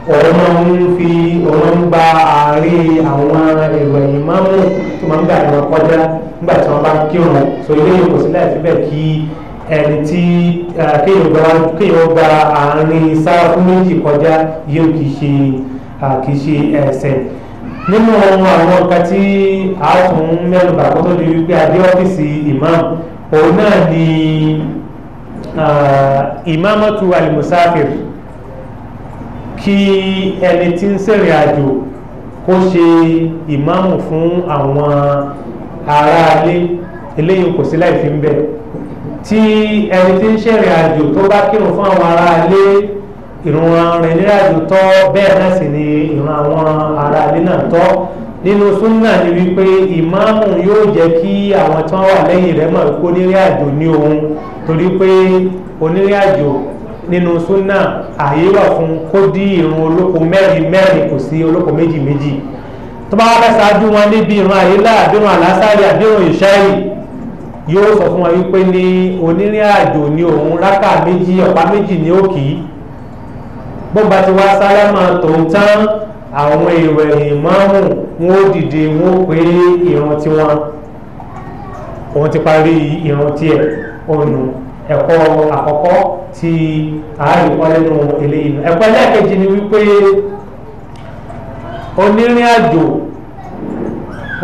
òun máa ń fi òun máa ń gba àárín àwọn èrò ẹ̀yìn máàmù tó máa ń gbà ní wọn kọjá nígbà tí wọ́n bá ń kírun so ilé yìí kò sí láì fi bẹ́ẹ̀ kí ẹni tí kéèyàn gba àárín sáfù méjì kọjá yóò kì í ṣe kì í ṣe ẹ̀ṣẹ̀ nínú àwọn nǹkan tí a tún mẹ́nu bà tó di wípé adé ọ́fíìsì ìmáàmù òun náà ni ìmáàmù tu alimusafir kí ẹni tí ń ṣèrìn àjò kó ṣe ìmáàmù fún àwọn aráalé eléyìí kò sí láì fi ń bẹ tí ẹni tí ń ṣèrìn àjò tó bá kírun fún àwọn aráalé ìran rẹ̀ nílẹ̀ àjò tọ́ bẹ́ẹ̀ náà sì ni ìran àwọn aráalé náà tọ́ nínú súnà ni wípé ìmáàmù yóò jẹ́ kí àwọn tí wọ́n wà lẹ́yìn rẹ̀ mọ̀ pé onírìn àjò ní òun torí pé onírìn àjò nínú súnà ààyè wà fún kó dí irun olóko mẹ́rin mẹ́rin kò sí olóko méjì méjì tó bá wá fẹ́ ṣáájú wọn níbi irun ààyè láàbírun àlásàrì àbírun ìṣáì yóò sọ fún wa wípé ní onírìn àjò ni òun rákà méjì ọ̀pá méjì ní òkì bó ba ti wá sálámà tó ń tán àwọn èrò ẹ̀yìn mọ́mù wọn ó dìde wọn ó pé irun tiwọn òun ti parí irun tiẹ̀ òun ẹ̀kọ́ àkọ́kọ́ tí ààyè kọ́ nínú eléyìí nù ẹ̀kọ́ ẹlẹ́ẹ̀kejì ni wípé onírìn àjò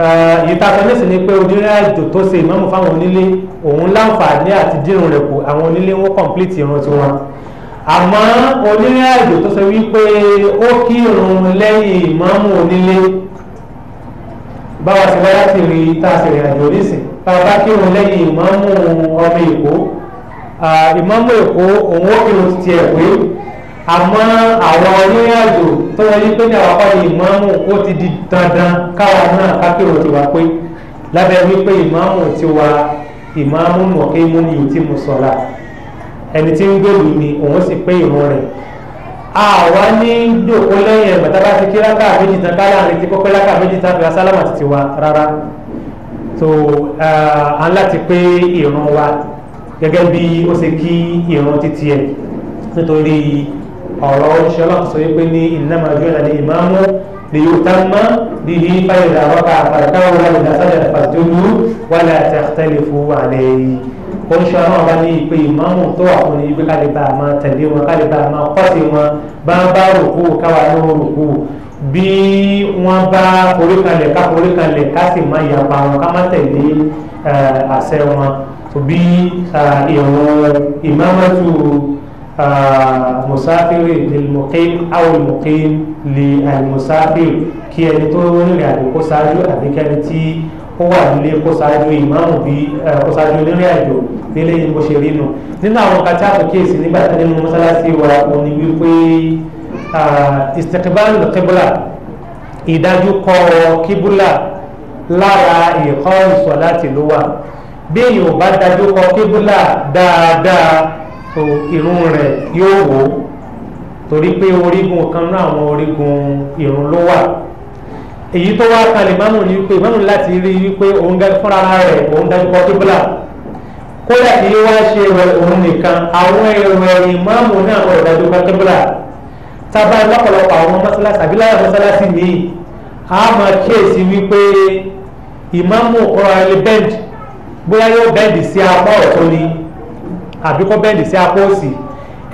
eh, ìtàkùn nísìn ni pé onírìn àjò tó ṣe ìmọ̀mù fáwọn onílé òun láǹfààní àti dírun rẹ̀ kù àwọn onílé wọn kọ̀ǹpìlìtì irun tiwọn àmọ́ onírìn àjò tó ṣe wípé ó kí irun lẹ́yìn ìmọ̀mù onílé báwa ṣe wáyà ti rí tá a ṣèrìn àjò nísìn tá a bá kí irun lẹ́yìn ìmọ̀mù ọmọ èkó ìmọ̀mù èkó òun ó kìlọ̀ ti tiẹ̀ pé àmọ́ àwọn onírìnàjò tó wọlé pé ní àwọn akọ́ni ìmọ̀mù ó ti di dandan káwọn náà kákìrò ti wá pé lábẹ́ wípé ìmọ̀mù ti wá ìmọ̀mù mọ̀kí mú ni yìí tí mo sọ̀la ẹni tí ń gbèlú ni òun sì pé ìmọ̀ rẹ̀ àwa ní dòkó lẹ́yìn ẹ̀ bàtà bá ti kí rákà méjì tán ká láàrin ti kọ́kọ́ rákà méjì tán fìlà sálámà ti ti wa rárá so à ń láti pé ìrun wa gẹ́gẹ́ bí ó ṣe kí ìran títí ẹ̀ nítorí ọ̀rọ̀ ìṣọ́lá sọ wípé ní ìnáma jọ́lá ní ìmáàmù ni yóò tá mọ́ bí i fáyọ̀dà rọ́kà àfàràkà wà ní lásàdà fàtólú wà láti àtẹ́lẹ̀ fún wà lẹ́yìn ó ń ṣe wa ní ìpè ìmáàmù tó wà fún ní ibi ká lè bá a máa tẹ̀lé wọn ká lè bá a máa kọ́sí wọn bá ń bá rògbò káwa ní rògbò bí wọ́n bá forí kanlẹ̀ ká forí kanlẹ̀ ká sì máa yàpa wọn ká má tẹ̀lé àṣẹ wọn bí ìrun ìmámátù musafiri lilmuqim awul muqim li almusafiri kí ẹni tó rìnrìn àjò kó ṣáájú àbíkẹ́ni tí ó wà nílé kó ṣáájú ìmáàmù bí kó ṣáájú onírìn àjò nílé yìí bó ṣe rí nù nínú àwọn kàtí àtòkèsí nígbà tí nínú mọ́sálásí wa ò ní wípé istiqbalu qibla ìdájú kọ kíbúlà lára ìkọ́ ìsọ̀láti ló wà béèyàn ò bá dájú kọ kébùlà dáadáa tó irun rẹ̀ yóò wò ó torí pé orígun kan náà àwọn orígun irun ló wà èyí tó wá kan lè mọ́mù ni pé mọ́mù láti rí i wípé òun gẹ́gẹ́ fúnra rẹ̀ òun dájú kọ kébùlà kódà kì í wá ṣe òun nìkan àwọn èrò ẹ̀yìn mọ́mù náà wọ́n dájú kọ kébùlà tábà lọ́pọ̀lọpọ̀ àwọn mọ́sálásí àbí láyà mọ́sálásí mi a máa kíyèsí wípé ìmáàmù ọ̀rọ̀ alẹ́ bóyá yóò bẹ́ẹ̀dì sí apá ọ̀tún ni àbí kó bẹ́ẹ̀dì sí apá òsì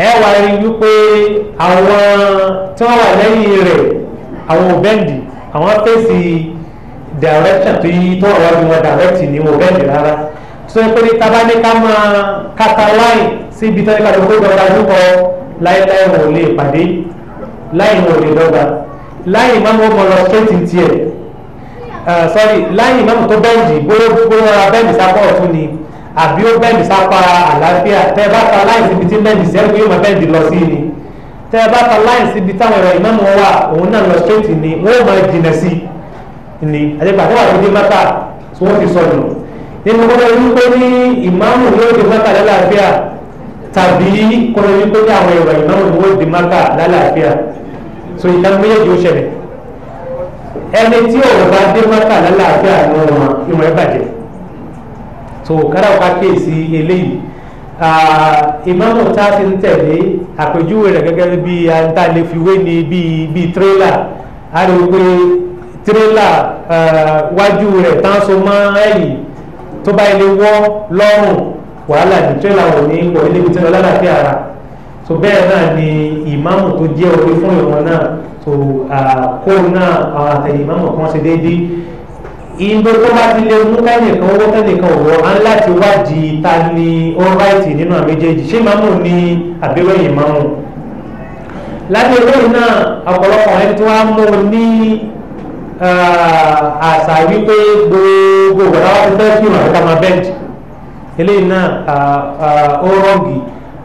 ẹ wá rí wípé àwọn tí wọ́n wà lẹ́yìn rẹ̀ àwọn ò bẹ́ẹ̀dì àwọn fèsì direction tó yí tó wà wájú wọn direct ni wọn ò bẹ́ẹ̀dì rárá tó yẹ pé ní tabaníkà máa kataláì sí ibi tó ní ká ló gbé dọ́gba lúkọ láíláí wọn ò lè pàdé láì wọn ò lè dọ́gba láì má mọ́ mọ́ lọ straight tiẹ̀. Eh, sorry láyìn náà tó bẹ́ǹdì bóyá bóyá bẹ́ǹdì sápọ̀ ọ̀tún ni àbí ó bẹ́ǹdì sápá àlàáfíà tẹ́ bá ta láyìn síbi tí bẹ́ǹdì sẹ́kù yóò máa bẹ́ǹdì lọ sí ni tẹ́ bá ta láyìn síbi táwọn ẹ̀rọ ìmáàmù wà òun náà lọ straight ni wọ́n máa jìnà sí ni àdébà tó wà tó dé mẹ́ta tí wọ́n fi sọnù nínú kọ́lọ́ wípé ní ìmáàmù yóò dé mẹ́ta lálàáfíà tàbí kọ́lọ́ wípé ní àwọn ẹ̀rọ ìmáàmù ẹni tí òun bá dé mọ́tà lálàáfíà ní wọn ìwọ̀n ẹ bàjẹ́ tó kára ọ̀ká kíyèsí eléyìí ìmáàmù tá a ti ń tẹ̀lé àpèjúwe rẹ̀ gẹ́gẹ́ bí antalẹ́fiwé ni bíi bíi tírélà a lè pe tírélà wájú rẹ̀ tán so mọ́ ẹ̀yìn tó bá ilé wọ́ lọ́rùn wàhálà ní tírélà ò ní wọ̀ ilé ibi lálàáfíà ara so bẹ́ẹ̀ náà ni ìmáàmù tó jẹ́ orí fún ìwọ̀n náà so kó náà àwọn àtẹ̀yìn ìmáàmù kan ṣe déédéé ìgbò tó bá ti lè mú kẹ́nìkan owó kẹ́nìkan òwò á ń láti wádìí ta ni ó ráìtì nínú àméjèèjì ṣé ìmáàmù ni àbẹ̀wẹ̀yìn ìmáàmù lábẹ́ eléyìí náà ọ̀pọ̀lọpọ̀ ẹni tí wọ́n á mú un ní àṣà wípé gbogbo ìwọ̀n láwọn ti fẹ́ kí ìrànlọ́ta máa bẹ́ẹ̀dì eléyìí náà ó rọ̀gì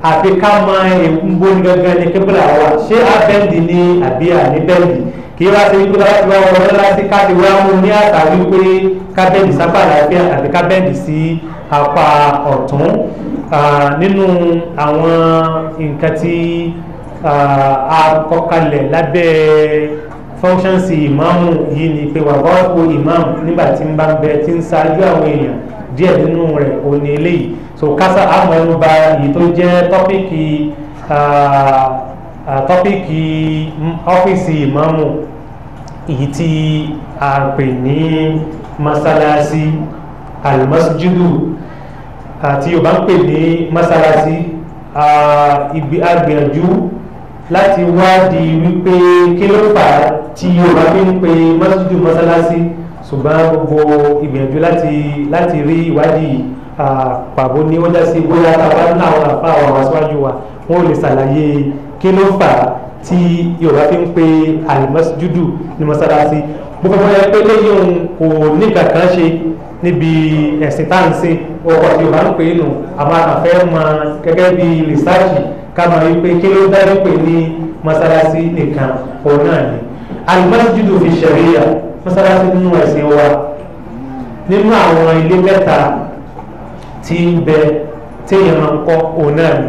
àfi ká máa èkúngbó ní gangan ní kébìlà wa ṣé abẹ́ǹdì ni àbí àníbẹ́ǹdì kí wá sí wípé láti wá wọlé láti káàdì wá mú ní àtà wípé kábẹ́ǹdì sápá àlàáfíà àbí kábẹ́ǹdì sí apá ọ̀tún nínú àwọn nǹkan tí a kọ kalẹ̀ lábẹ́ fọ́nṣánsì ìmáàmù yìí ni pé wàá bọ́ọ̀kù ìmáàmù nígbà tí ń bá ń bẹ tí ń ṣáájú àwọn èèyàn díẹ̀ nínú rẹ̀ òun eléyìí so kásá àmọ́ ẹnu ba èyí tó jẹ́ tọ́píkì tọ́píkì ọ́fíìsì ìmáàmù èyí tí a pè ní masalasi almasjidu àti yorùbá ń pè ní masalasi agbìyànjú láti wádìí wípé kí ló fà á tí yorùbá fi ń pe masjidu masalasi ṣùgbọ́n gbogbo ìgbìyànjú láti láti rí ìwádìí yìí Ah, pàbó ni wọ́n jásí bóyá bàbá ní àwọn àfa àwọn àwọn aṣáájú wa wọn ò lè ṣàlàyé kí ló fà á tí yorùbá fi ń pe àlùmọ́síjúdù ní mọ́sálásí bó fẹ́ fọ́nà pé lẹ́yìn òun kò nígbà kan ṣe níbi ẹ̀sìn tá à ń ṣe ọkọ̀ tí yorùbá ń pè é nù àmọ́ àfẹ́ mọ gẹ́gẹ́ bí rìsáàjì ká mọ̀ wípé kí ló dá wípé ní mọ́sálásí nìkan òun náà ni àlùmọ́síjúdù fi ṣẹ̀ríyà mọ́sálásí nínú ẹ̀sìn wa nínú àwọn ilé mẹ́ta tí ń bẹ téèyàn máa ń kọ́ òun náà ni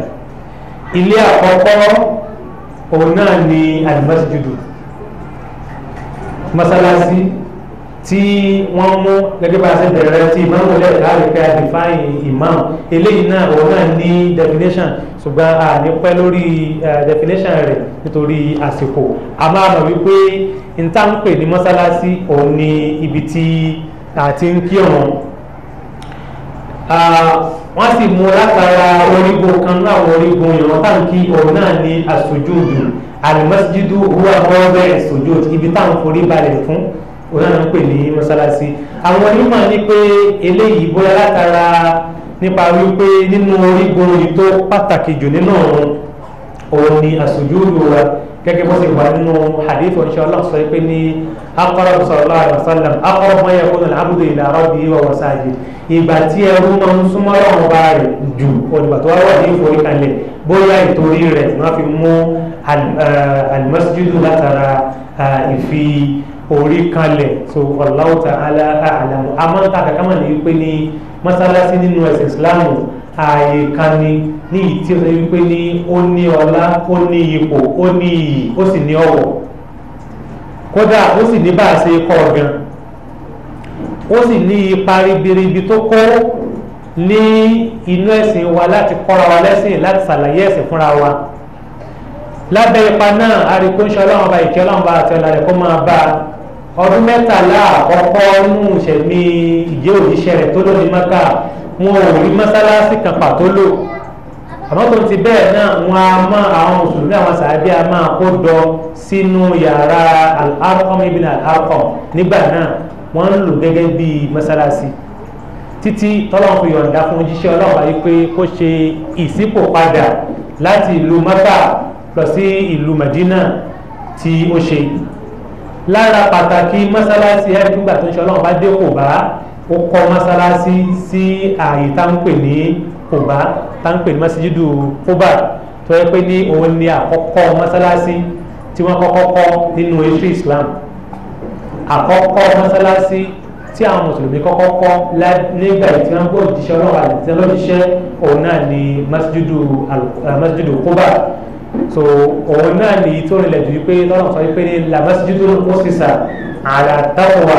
ilé àkọ́kọ́ òun náà ni alimasijudu masalasi tí wọ́n mú gẹ́gẹ́ bá a ṣe bẹ̀rẹ̀ tí ìmáàmù lẹ́yìn láàrin pé define ìmáàmù eléyìí náà òun náà ní definition ṣùgbọ́n a ní pẹ́ lórí definition rẹ̀ nítorí àsìkò a máa mọ̀ wípé n tá ń òun ni ibi tí a ti ń kírun Ah, wọ́n sì mú látara orígun kan náà orígun ìran táǹkì ọ̀hún náà ní àsojúdù àlùmọ́síjúdù owó àkọ́ọ́bẹ̀ ẹ̀sọ́jú ibi táwọn forí balẹ̀ fún òun náà ń pè ní mọ́sálásí àwọn onímọ̀ ní pé eléyìí bóyá látara nípa wípé nínú orígun yìí tó pàtàkì jù nínú òun òun ni àsojúdù wa gẹ́gẹ́ bó ṣe wà nínú hadith oníṣẹ́ ọlọ́run sọ pé ní akọ́rọ̀bù sallallahu alaihi wasallam akọ́rọ̀bù mọ́ yẹn kónú abudu ila rabbi wa huwa sajid ìgbà tí ẹrú máa ń súnmọ́ ọlọ́run bá rẹ̀ jù òdìgbà tó wá wà ní ìforí kalẹ̀ bóyá ìtorí rẹ̀ wọ́n fi mú alimọ́síjúdù eh, látara eh, ìfi orí kalẹ̀ so wallahu ta'ala a'lam amọ́ntàkàkàmọ́ ní pé ní mọ́sálásí nínú ẹ̀sìn ìsìláàmù ààyè kan ni ní ìtí ó ṣe wípé ní ó ní ọlá ó ní ipò ó ní iyì ó sì ní ọ̀wọ̀ kódà ó sì ní bá a ṣe kọ́ gan ó sì ní ipa ribiribi tó kó ní inú ẹ̀sìn wa láti kọ́ra wa lẹ́sìn láti ṣàlàyé ẹ̀sìn fúnra wa lábẹ́ ipa náà arikó ń ṣe ọlọ́run ọba ìkẹ́ ọlọ́run ọba àti ọ̀làrẹ̀ kó máa bá ọdún mẹ́tàlá àkọ́kọ́ nù ìṣẹ̀mí ìjẹ́ òjíṣẹ́ rẹ̀ tó lónìí mọ́kà wọn ò rí mọ́sálásí kan pàtó lò àmọ́ tó ti bẹ́ẹ̀ náà wọn a mọ àwọn mùsùlùmí àwọn sàábí a máa kó dọ sínú yàrá al-Arqam ibn al-Arqam nígbà náà wọ́n ń lò gẹ́gẹ́ bí mọ́sálásí títí tọ́lọ́run fi yọ̀ǹda fún jíṣẹ́ ọlọ́ọ̀bá yìí pé kó ṣe ìsípò padà láti ìlú Mẹ́kà lọ sí ìlú Mẹ́dínà tí ó ṣe lára pàtàkì mọ́sálásí ẹ̀dúgbà tó ń ṣe ọlọ́ọ̀bá dé kò bá ó kọ́ mọ́sálásí sí ààyè tá ń pè ní kòbá tá ń pè ní mọ́síjúdù kóbà tó yẹ pé ní òun ni àkọ́kọ́ mọ́sálásí tí wọ́n kọ́kọ́ kọ́ nínú ètò Islam àkọ́kọ́ mọ́sálásí tí àwọn mùsùlùmí kọ́kọ́ kọ́ nígbà tí wọ́n gbọ́ òjíṣẹ́ ọlọ́wà tí wọ́n lọ́jíṣẹ́ òun náà ni masjidu kuba eh, so òun náà ni tó rìnlẹ̀ jù wípé lọ́nà sọ wípé ní la masjidu kó sísà àlàtàwà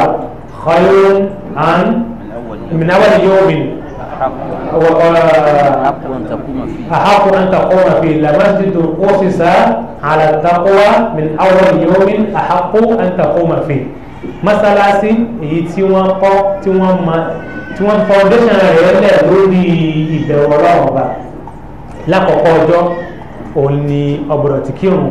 khayrun عن من أول يوم أحق أن تقوم فيه أحق أن تقوم فيه لمسجد أسس على التقوى من أول يوم أحق أن تقوم فيه masalasi èyí tí wọ́n kọ́ tí wọ́n ma tí wọ́n foundation rẹ̀ lẹ̀ lórí ìbẹ̀wò ọlọ́run ọba lákọ̀ọ́kọ́ ọjọ́ òun ni ọ̀bọ̀dọ̀ tí kírun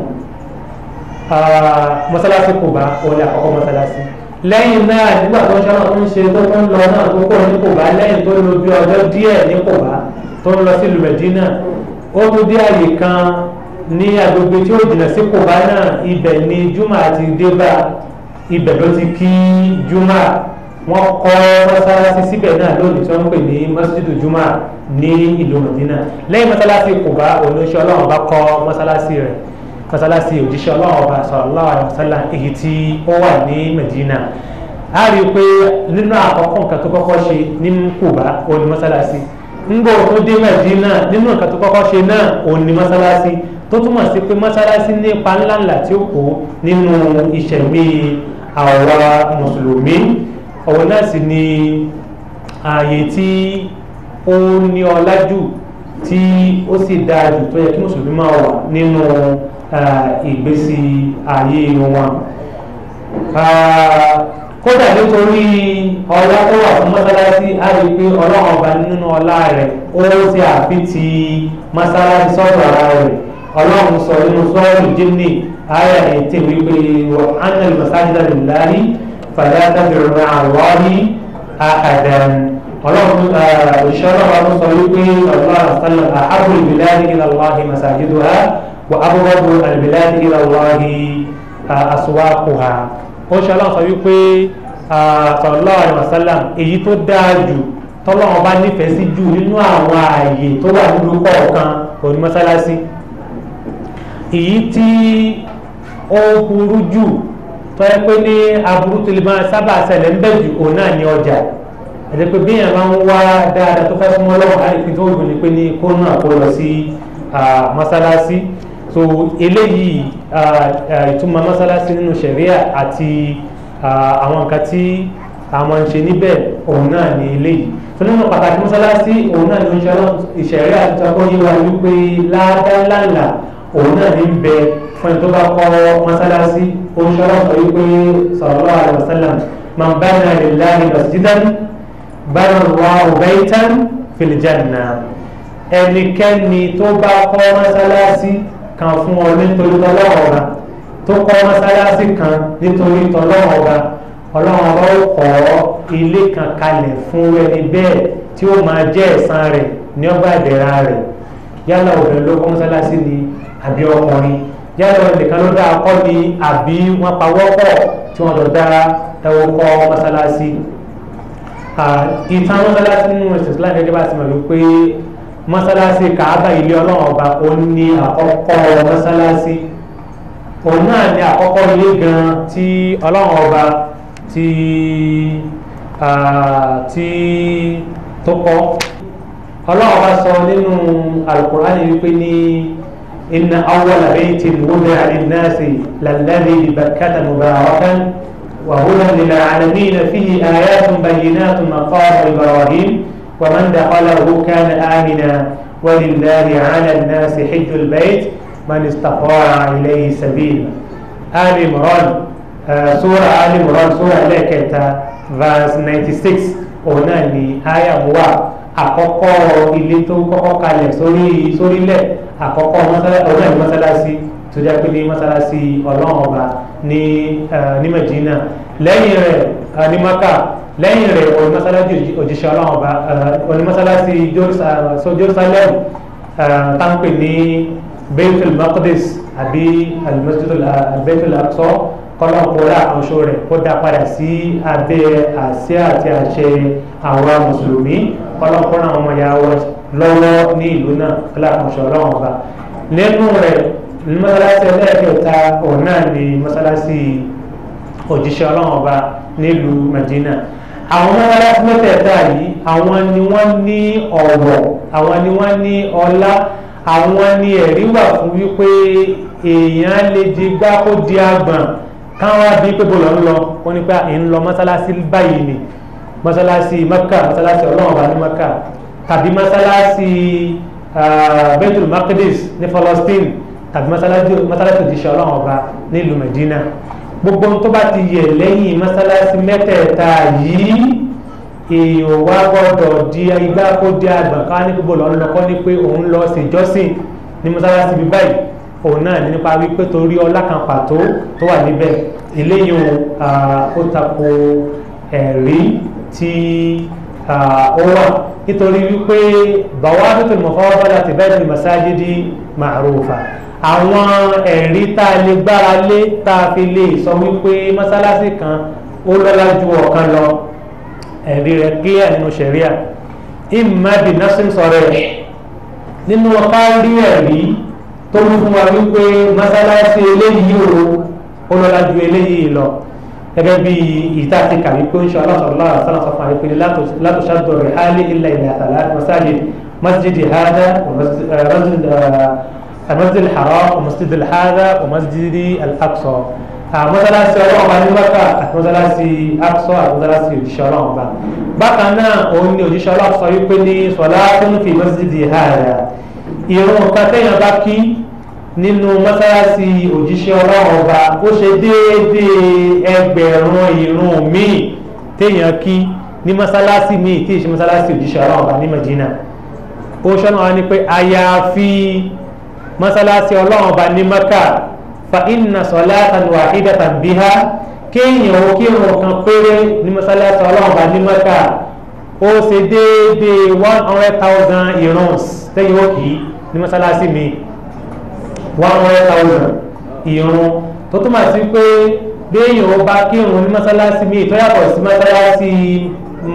uh, masalasi kò bá òun ni àkọ́kọ́ masalasi lẹ́yìn náà nígbà tó ṣọ́nà tó ń ṣe tó tó ń lọ náà tó kúrò ní Kùbá lẹ́yìn tó lò bí ọjọ́ díẹ̀ ní Kùbá tó ń lọ sí lùmẹ̀dínà ó tún dé àyè kan ní agbègbè tí ó jìnà sí Kùbá náà ibẹ̀ ni juma ti dé bá ibẹ̀ ló ti kí juma wọ́n kọ́ mọ́sálásí síbẹ̀ náà lónìí tí wọ́n ń pè ní mọ́sídù juma ní ìlú mẹ̀dínà lẹ́yìn mọ́sálásí Kùbá òun ló ṣe ọlọ́run bá mọ́sálásí òjíṣẹ́ ọlọ́run ọba sallallahu alaihi wasallam èyí tí ó wà ní Medina a rí i pé nínú àkọ́kọ́ nǹkan tó kọ́kọ́ ṣe ní Kùbá òun ni mọ́sálásí ńgbò tó dé Medina nínú nǹkan tó kọ́kọ́ ṣe náà òun ni mọ́sálásí tó túmọ̀ sí pé mọ́sálásí ní ipa ńláńlá tí ó kó nínú ìṣẹ̀mí àwa mùsùlùmí ọ̀wọ́ náà sì ni ààyè tí ó ní ọlá jù tí ó sì dáa jù tó yẹ kí mùsùlùmí máa wà nínú ìgbésí ayé wọn kódà nítorí ọlá tó wà fún mọ́sálásí á rí i pé ọlọ́run ọba nínú ọlá rẹ̀ ó ṣe àfi ti mọ́sálásí sọ́dọ̀ ara rẹ̀ ọlọ́run sọ nínú sọ́ọ̀rù jíní ayé ètè wípé wà ánàlì masajida lillahi fàdá tábìrì rẹ̀ àwọ̀rí àkàdàn ọlọ́run òṣìṣẹ́ ọlọ́run sọ wípé ọlọ́run sọ́lọ́ àhábùrù bìláàrí ìlàlọ́hìn masajidu ha. وأبغض البلاد إلى الله أسواقها ó ṣe aláǹsọ wípé sallallahu alaihi wasallam èyí tó dáa jù tọ́lọ́run bá nífẹ̀ẹ́ sí jù nínú àwọn ààyè tó wà nínú kọ̀ọ̀kan òní mọ́sálásí èyí tí ó burú jù tọ́lẹ́ pé ní aburú tó lè máa sábà ṣẹlẹ̀ ń bẹ̀ jù òun náà ní ọjà ẹ̀jẹ̀ pé bíyàn máa ń wá dáadáa tó fẹ́ fún ọlọ́run àìpín tó wù ní pé ní kó náà kó lọ sí mọ́sálásí so eléyìí ìtumọ̀ mọ́sálásí nínú sẹ̀ríà àti àwọn nǹkan tí àwọn ń ṣe níbẹ̀ òun náà ni eléyìí tó nínú pàtàkì mọ́sálásí òun náà ni oúnjẹ ìṣẹ̀ríà àti ìtọ́kọ́ yé wa wípé ládàlálà òun náà ní bẹ fún ẹni tó bá kọ́ mọ́sálásí oúnjẹ ọlọ́pàá wípé sallallahu alaihi wasallam man bana lillahi masjidan bana Allahu baytan fil janna ẹnikẹ́ni tó bá kọ́ mọ́sálásí kan fún ọ nítorí tọlọ́wọ́ ọba tó kọ́ mọ́sálásí kan nítorí tọlọ́wọ́ ọba ọlọ́run ọba ó kọ́ ilé kan kalẹ̀ fún ẹni bẹ́ẹ̀ tí ó máa jẹ́ ẹ̀san rẹ̀ ní ọgbà ìdẹ̀ra rẹ̀ yálà obìnrin ló kọ́ mọ́sálásí ni àbí ọkùnrin yálà ẹnìkan ló dáa kọ́ ni àbí wọ́n pawọ́ pọ̀ tí wọ́n lọ dára ẹ̀wọ̀ kọ́ mọ́sálásí ìtàn mọ́sálásí nínú ìṣẹ̀sílẹ̀ mọ́sálásí kàába ilé ọlọ́run ọba ó ní àkọ́kọ́ mọ́sálásí òun náà ní àkọ́kọ́ ilé gan tí ọlọ́run ọba ti ti tó kọ́ ọlọ́run ọba sọ nínú alukur'ani wípé ní inna awwala bayti wudi'a lin-nasi lalladhi bi-Bakkata mubarakan wa hudan lil-'alamin fihi ayatun bayyinatun maqamu Ibrahim. ومن دخله كان آمنا ولله على الناس حج البيت من استطاع إليه سبيلا آل عمران سورة آل عمران سورة لكتا verse 96 ọ̀nà ni aya wa àkọ́kọ́ ilé tó kọ́kọ́ kalẹ̀ sórí sórílẹ̀ àkọ́kọ́ ọ̀nà ni mọ́sálásí tó jẹ́ pé ní mọ́sálásí ọlọ́run ọba ní eh, ní Medina lẹ́yìn rẹ̀ eh, ní Maka lẹ́yìn rẹ̀ wọ mọ́sálásí òjíṣẹ́ ọlọ́run ọba eh, wọlé mọ́sálásí jerusalem eh, táǹpẹ̀ ní bethel maqdis àbí alimasjidul eh, bethel aqsa kọ́lọ́ kóra àwọn oṣù rẹ̀ kó dá padà sí abẹ́ àṣẹ àti àṣẹ àwọn mùsùlùmí kọ́lọ́ kóra àwọn ọmọ ya wọ lọ́wọ́ ní ìlú náà kọ́lọ́ àwọn oṣù ọlọ́run ọba nínú rẹ̀ mọ́sálásí ẹlẹ́ẹ̀kẹta ọ̀hún ni mọ́sálásí òjíṣẹ́ ọlọ́run ọba nílùú madina àwọn mẹ́tẹ̀ẹ̀ta yìí àwọn ni wọ́n ní ọ̀rọ̀ àwọn ni wọ́n ní ọlá àwọn ni ẹ̀rí wà fún wípé èèyàn lè di gbá kó di àgbọ̀n káwọn bí pé bó lọ ń lọ wọ́n ní pé à ń lọ mọ́sálásí báyìí ni mọ́sálásí maka mọ́sálásí ọlọ́run ọba ní maka tàbí mọ́sálásí Baitul Maqdis ní Palestine tàbí mọ́sálásí òjíṣẹ́ ọlọ́run ọba nílùú Medina gbogbo tó bá ti yẹ lẹ́yìn mọ́sálásí mẹ́tẹ̀ẹ̀ta yìí èèyàn wá gbọ́dọ̀ di igbá kó di àgbà ká ní gbogbo lọ́nà lọ́kọ́ ní pé òun lọ ṣèjọ́sìn ní mọ́sálásí bíi báyìí òun náà ní nípa wípé torí ọlá kan pàtó tó wà níbẹ̀ eléyìí ó tako ẹ̀rí tí ó wà nítorí wípé bàwá tó tó mọ̀fọ́wọ́ bá láti bẹ́ẹ̀ ni masajidi ma'rufa àwọn ẹ̀rí tá a lè gbára lé tá a fi lè sọ wípé mọ́sálásí kan ó lọ́lá ju ọ̀kan lọ ẹ̀rí rẹ̀ clear nínú ṣẹ̀ríà ìmọ̀ bí nursing sọ̀rọ̀ ẹ̀ nínú ọ̀ká rí ẹ̀rí tó ń fún wa wípé mọ́sálásí eléyìí o ó lọ́lá ju eléyìí lọ gẹ́gẹ́ bí ìta ti kà wípé ń ṣe aláṣọ̀lá àṣàlàṣọ̀ fún àyípele látòṣàdọ̀ rẹ̀ hálẹ̀ ilẹ̀ ilẹ̀ àtàlà masajid المسجد الحرام ومسجد هذا ومسجد الأقصى àmọ́sálásí ọlọ́run bá ní bàtà àmọ́sálásí aksọ àmọ́sálásí òjíṣẹ́ ọlọ́run bá bákan náà òun ni òjíṣẹ́ ọlọ́run sọ wípé ní sọlá tó ń fi mọ́sídìí hàrà ìrun kan téèyàn bá kí nínú mọ́sálásí òjíṣẹ́ ọlọ́run bá ó ṣe déédéé ẹgbẹ̀rún ìrun míì téèyàn kí ní mọ́sálásí míì tí ì ṣe mọ́sálásí òjíṣẹ́ ọlọ́run bá ní Madina ó ṣọ́nà wa ni pé àyàfi mọ́sálásí ọlọ́run ọba ní maka fa inna salatan wahidatan biha kéèyàn ó kírun kan péré ní mọ́sálásí ọlọ́run ọba ní maka ó ṣe déédéé one hundred thousand irons tẹ́yìn ó kì í ní mọ́sálásí mi one hundred thousand irun tó túmọ̀ sí pé béèyàn ó bá kírun ní mọ́sálásí mi tó yàtọ̀ sí mọ́sálásí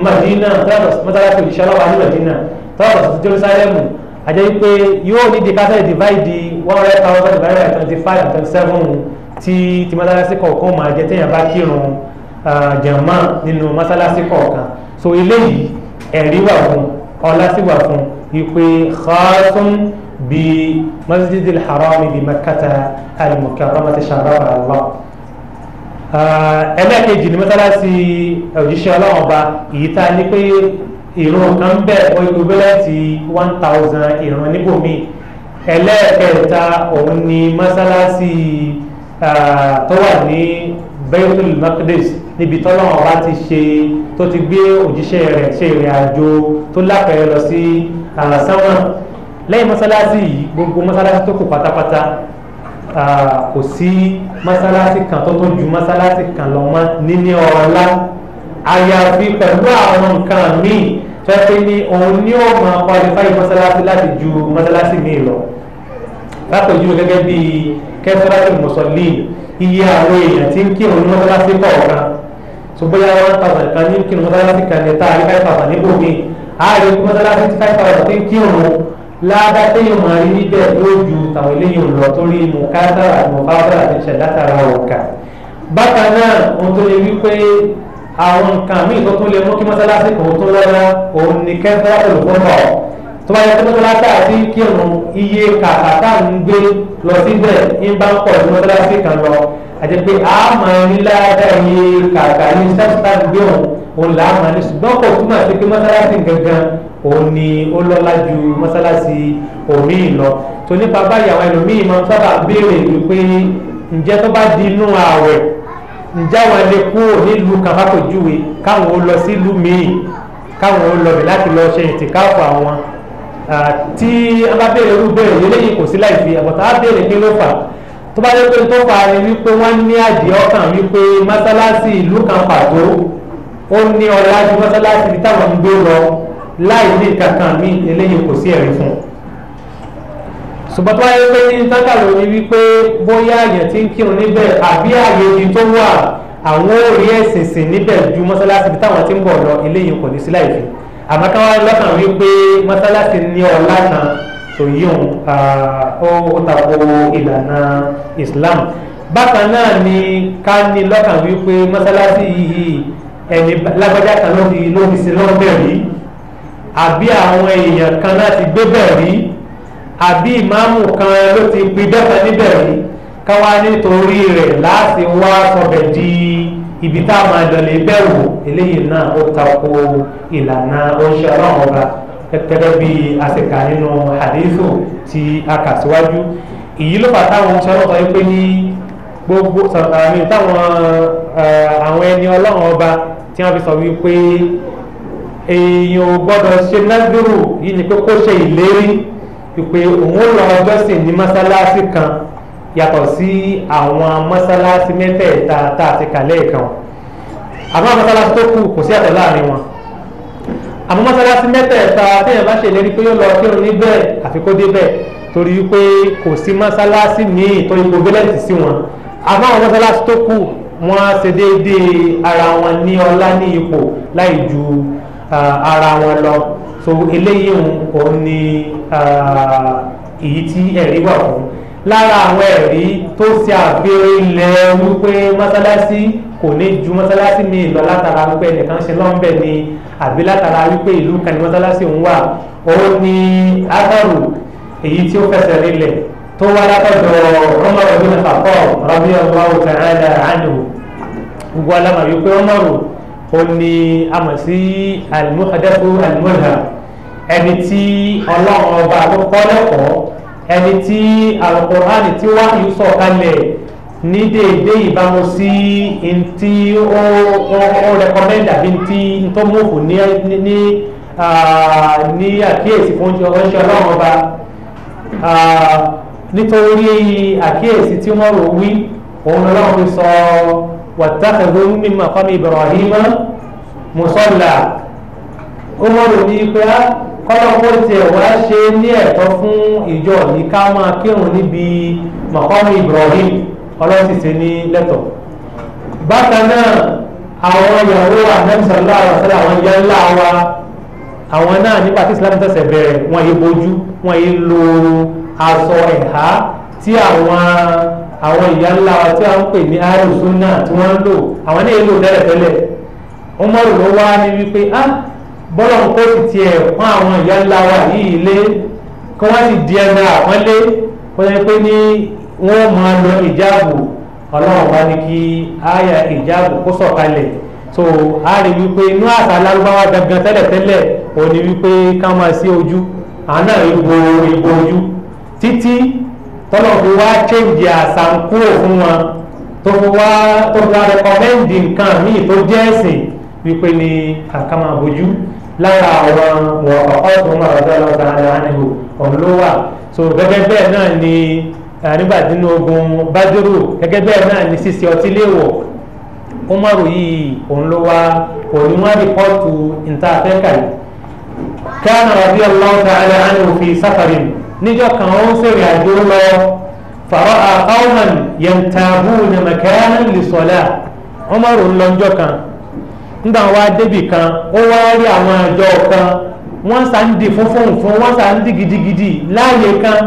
Madina tó yàtọ̀ sí mọ́sálásí òṣìṣẹ́ ọlọ́wà ní Madina tó yàtọ̀ sí Jerusalem àjẹ́ wípé yóò ní di kásẹ̀ divide one hundred thousand divided by twenty five and twenty seven tí tí mọ́sálásí kọ̀ọ̀kan máa jẹ́ téèyàn bá kírun jàmá nínú mọ́sálásí kọ̀ọ̀kan so eléyìí ẹ̀rí wà fún ọlá sì wà fún wípé xaasùn bí masjidil haram bí makata alimukaramati sharaba allah ẹlẹ́ẹ̀kejì ní mọ́sálásí òjíṣẹ́ ọlọ́run ọba èyí tá a ní pé ìrun kan bẹ́ẹ̀ wọ́n yóò one thousand ìrun níbòmíì ẹlẹ́ẹ̀kẹta òun ni mọ́sálásí tó ni, ní Baitul Maqdis níbi tọ́lọ́wọ́n bá ti ṣe tó ti gbé òjíṣẹ́ rẹ̀ ṣe ìrìn àjò tó lápẹ̀rẹ̀ lọ sí sánmà lẹ́yìn mọ́sálásí yìí gbogbo mọ́sálásí tó kù pátápátá kò sí mọ́sálásí kan tó tó ju mọ́sálásí kan lọ mọ́ níní la àyàfi pẹ̀lú àwọn nǹkan míì fẹ́ẹ́ ní òun ní ọmọ qualify mọ́sálásí láti ju mọ́sálásí míì lọ lápèjúwe gẹ́gẹ́ bíi kẹsàrátì mùsọ̀lì iye àwọn èèyàn tí ń kírun ní mọ́sálásí kọ̀ọ̀kan ṣùgbọ́n yàrá one thousand kan ní kírun mọ́sálásí kan ní táàrí five thousand níbò míì ààrẹ mọ́sálásí five thousand tí ń kírun láàbá téèyàn máa rí níbẹ̀ yóò ju tàwọn eléyìí lọ torí mùkátàrà mùkátàrà ti ṣẹ̀ látara òkà bákan náà ohun tó lè wí pé àwọn nǹkan míì tó tún lè mú kí mọ́sálásí kò tó lọ́wọ́ òun ní kẹ́ńtà olùkọ́tọ̀ tó bá yẹ kí mọ́sálásí àti kírun iye kàkàtà ń gbé lọ síbẹ̀ ń bá ń pọ̀ ní mọ́sálásí kan lọ àti pé a máa ní iye kàkà ní sẹ́sítà gbé òun òun là á máa ní ṣùgbọ́n kò túmọ̀ sí pé mọ́sálásí gangan òun ni ó lọ́lá ju mọ́sálásí òmíì lọ tó nípa báyìí àwọn ẹlòmíì máa ń sábà béèrè ǹjẹ́ àwọn ẹni kúrò nílùú kan bá pèjúwe káwọn ó lọ sílùú míì káwọn ó lọ bẹ̀ láti lọ ṣe ìtìkáàfọ̀ àwọn tí a bá béèrè irú béèrè yìí lẹ́yìn kò sí láì fi àbọ̀tá á béèrè kí ló fà á tó bá dé pé tó fà á ni wípé wọ́n ní àdìẹ ọkàn wípé mọ́sálásí ìlú kan pàtó ó ní ọ̀rẹ́ àti mọ́sálásí táwọn ń gbé lọ láì ní kankan míì eléyìí kò sí ẹ̀rí fún un ṣùgbọ́n tó wáyé pé ní tákàlù ni wípé bóyá àyàn ti ń kírun níbẹ̀ àbí àyè ibi tó wà àwọn òrí ẹ̀sìn sìn níbẹ̀ ju mọ́sálásí ibi táwọn ti ń bọ̀ lọ eléyìí kò ní sí láì fi àmọ́ ká wá lọ́kàn wípé mọ́sálásí ní ọ̀la kan tòyíùn ó tako ìlànà Islam bákan náà ni ká ní lọ́kàn wípé mọ́sálásí yìí ẹni lágbájá kan ló fi ló fi sin lọ́bẹ̀ rí àbí àwọn èèyàn kan láti gbé bẹ̀ àbí ìmáàmù kan ló ti pi dẹ́sẹ̀ níbẹ̀ rí káwá nítorí rẹ̀ láti wá sọbẹ̀ di ibi tá a máa lọlẹ̀ bẹ̀rù eléyìí náà ó tako ìlànà oṣù ọlọ́run ọba gẹ́gẹ́ bí àṣekà nínú hadithu tí a kà síwájú èyí ló fà táwọn oṣù ọlọ́run sọ pé ní gbogbo sọ̀tàmì táwọn àwọn ẹni ọlọ́run ọba tí wọ́n fi sọ wípé èèyàn ò gbọ́dọ̀ ṣe nádùrù yìí ni pé kó ṣe ìlérí pé òun lọ jọ́sìn ní mọ́sálásí kan yàtọ̀ sí àwọn mọ́sálásí mẹ́tẹ̀ẹ̀ta tá a ti kà lẹ́ẹ̀kan àmọ́ mọ́sálásí tó kù kò sí àtọ̀ láàrin wọn àmọ́ mọ́sálásí mẹ́tẹ̀ẹ̀ta téèyàn bá ṣèlérí pé yóò lọ kírun níbẹ̀ àfi kó débẹ̀ torí pé kò sí mọ́sálásí míì tó ipò bẹ́lẹ̀tì sí wọn àmọ́ àwọn mọ́sálásí tó kù wọ́n ṣe déédéé ara wọn ní ọlá ní ipò láì ju ara wọn lọ so eléyìí òun ni èyí tí ẹ̀rí wà fún lára àwọn ẹ̀rí tó ṣe àfihàn ilẹ̀ wípé mọ́sálásí kò ní ju mọ́sálásí mi lọ látara wípé ẹnìkan ṣe lọ́nbẹ̀ ni àbí látara wípé ìlú kan ní mọ́sálásí òun wà òun ni átàrù èyí tí ó fẹsẹ̀ rinlẹ̀ tó wá látọ̀dọ̀ Umar bin Khattab radiyallahu ta'ala anhu gbogbo alámà wípé Umar ó ní àmọ̀ sí alimuhadafu alimuha ẹni tí ọlọ́run ọba ló kọ́ lẹ́kọ̀ọ́ ẹni tí alukur'ani tí wáyé sọ̀kalẹ̀ ní déédéé ìbámu sí ntí ó ó rẹkọmẹ́ndì àbí ntí ntó mọ̀fù ní ní ní àkíyèsí fún ọ̀ṣẹ́ ọlọ́run ọba nítorí àkíyèsí tí wọ́n rò wí òun ọlọ́run fi sọ ọ́ wàtàkàdó min maqami Ibrahima musalla Umaru ní pé kọ́lọ́pọ̀ tiẹ̀ wá ṣe ní ẹ̀tọ́ fún ìjọ yìí ká máa kírun níbi maqami Ibrahim ọlọ́sìsẹ́ ní lẹ́tọ̀ bákan náà àwọn ìyàwó àdẹ́sọ̀lá àwọ̀sẹ́lá àwọn ìyá ńlá wa àwọn náà nígbà tí Islam tẹ̀sẹ̀ bẹ̀rẹ̀ wọ́n yé bojú wọ́n yé lo aṣọ ẹ̀há tí àwọn àwọn ìyá ńlá wa tí a ń pè ní arúgbóná tí wọ́n ń lò àwọn náà lò dẹ́rẹ̀ tẹ́lẹ̀ Umaru ló wá ní wípé ah bọ́lá ń kó ti tiẹ̀ fún àwọn ìyá ńlá wa yìí lé kí wọ́n sì di ẹnu àpọ́nlé kó yẹ pé ní wọ́n máa lọ ìjáàbù ọlọ́run bá ní kí àyà ìjáàbù kó sọ̀kalẹ̀ so a rí wípé inú àṣà alárúbáwá gangan tẹ́lẹ̀tẹ́lẹ̀ òní wípé ká máa sí ojú àná ìbò ìbò ojú títí tọ́lọ̀ fi wá chẹ́ǹjì àṣà ń kúrò fún wọn tó fi wá tó fi wá rẹkọmẹ́ǹdì nǹkan míì tó jẹ́ ẹ̀sìn wípé ni àkàmà bójú lára àwọn wọ̀ọ̀kọ̀ ọ̀tún wà lọ́dọ̀ lọ́dọ̀ aláàánú òun ló wà so gẹ́gẹ́ bẹ́ẹ̀ náà ni nígbà nínú ogun bájúrò gẹ́gẹ́ bẹ́ẹ̀ náà ni ṣíṣe ọtí léèwọ̀ umaru yìí òun ló wá òun wá rìpọ́ọ̀tù ìta afẹ́kà yìí kí á nà wá bí ọlọ́ọ̀ta aláàánú fi sáfàrin níjọ́ kan ó ń sèrè àjò lọ fàrọ àkàwọn yẹntàbù ní mẹkàánà lìsọlá Umar ń lọ níjọ́ kan nígbà wá débì kan ó wá rí àwọn àjọ kan wọ́n sá ń di funfun fún wọ́n sá ń di gidigidi láàyè kan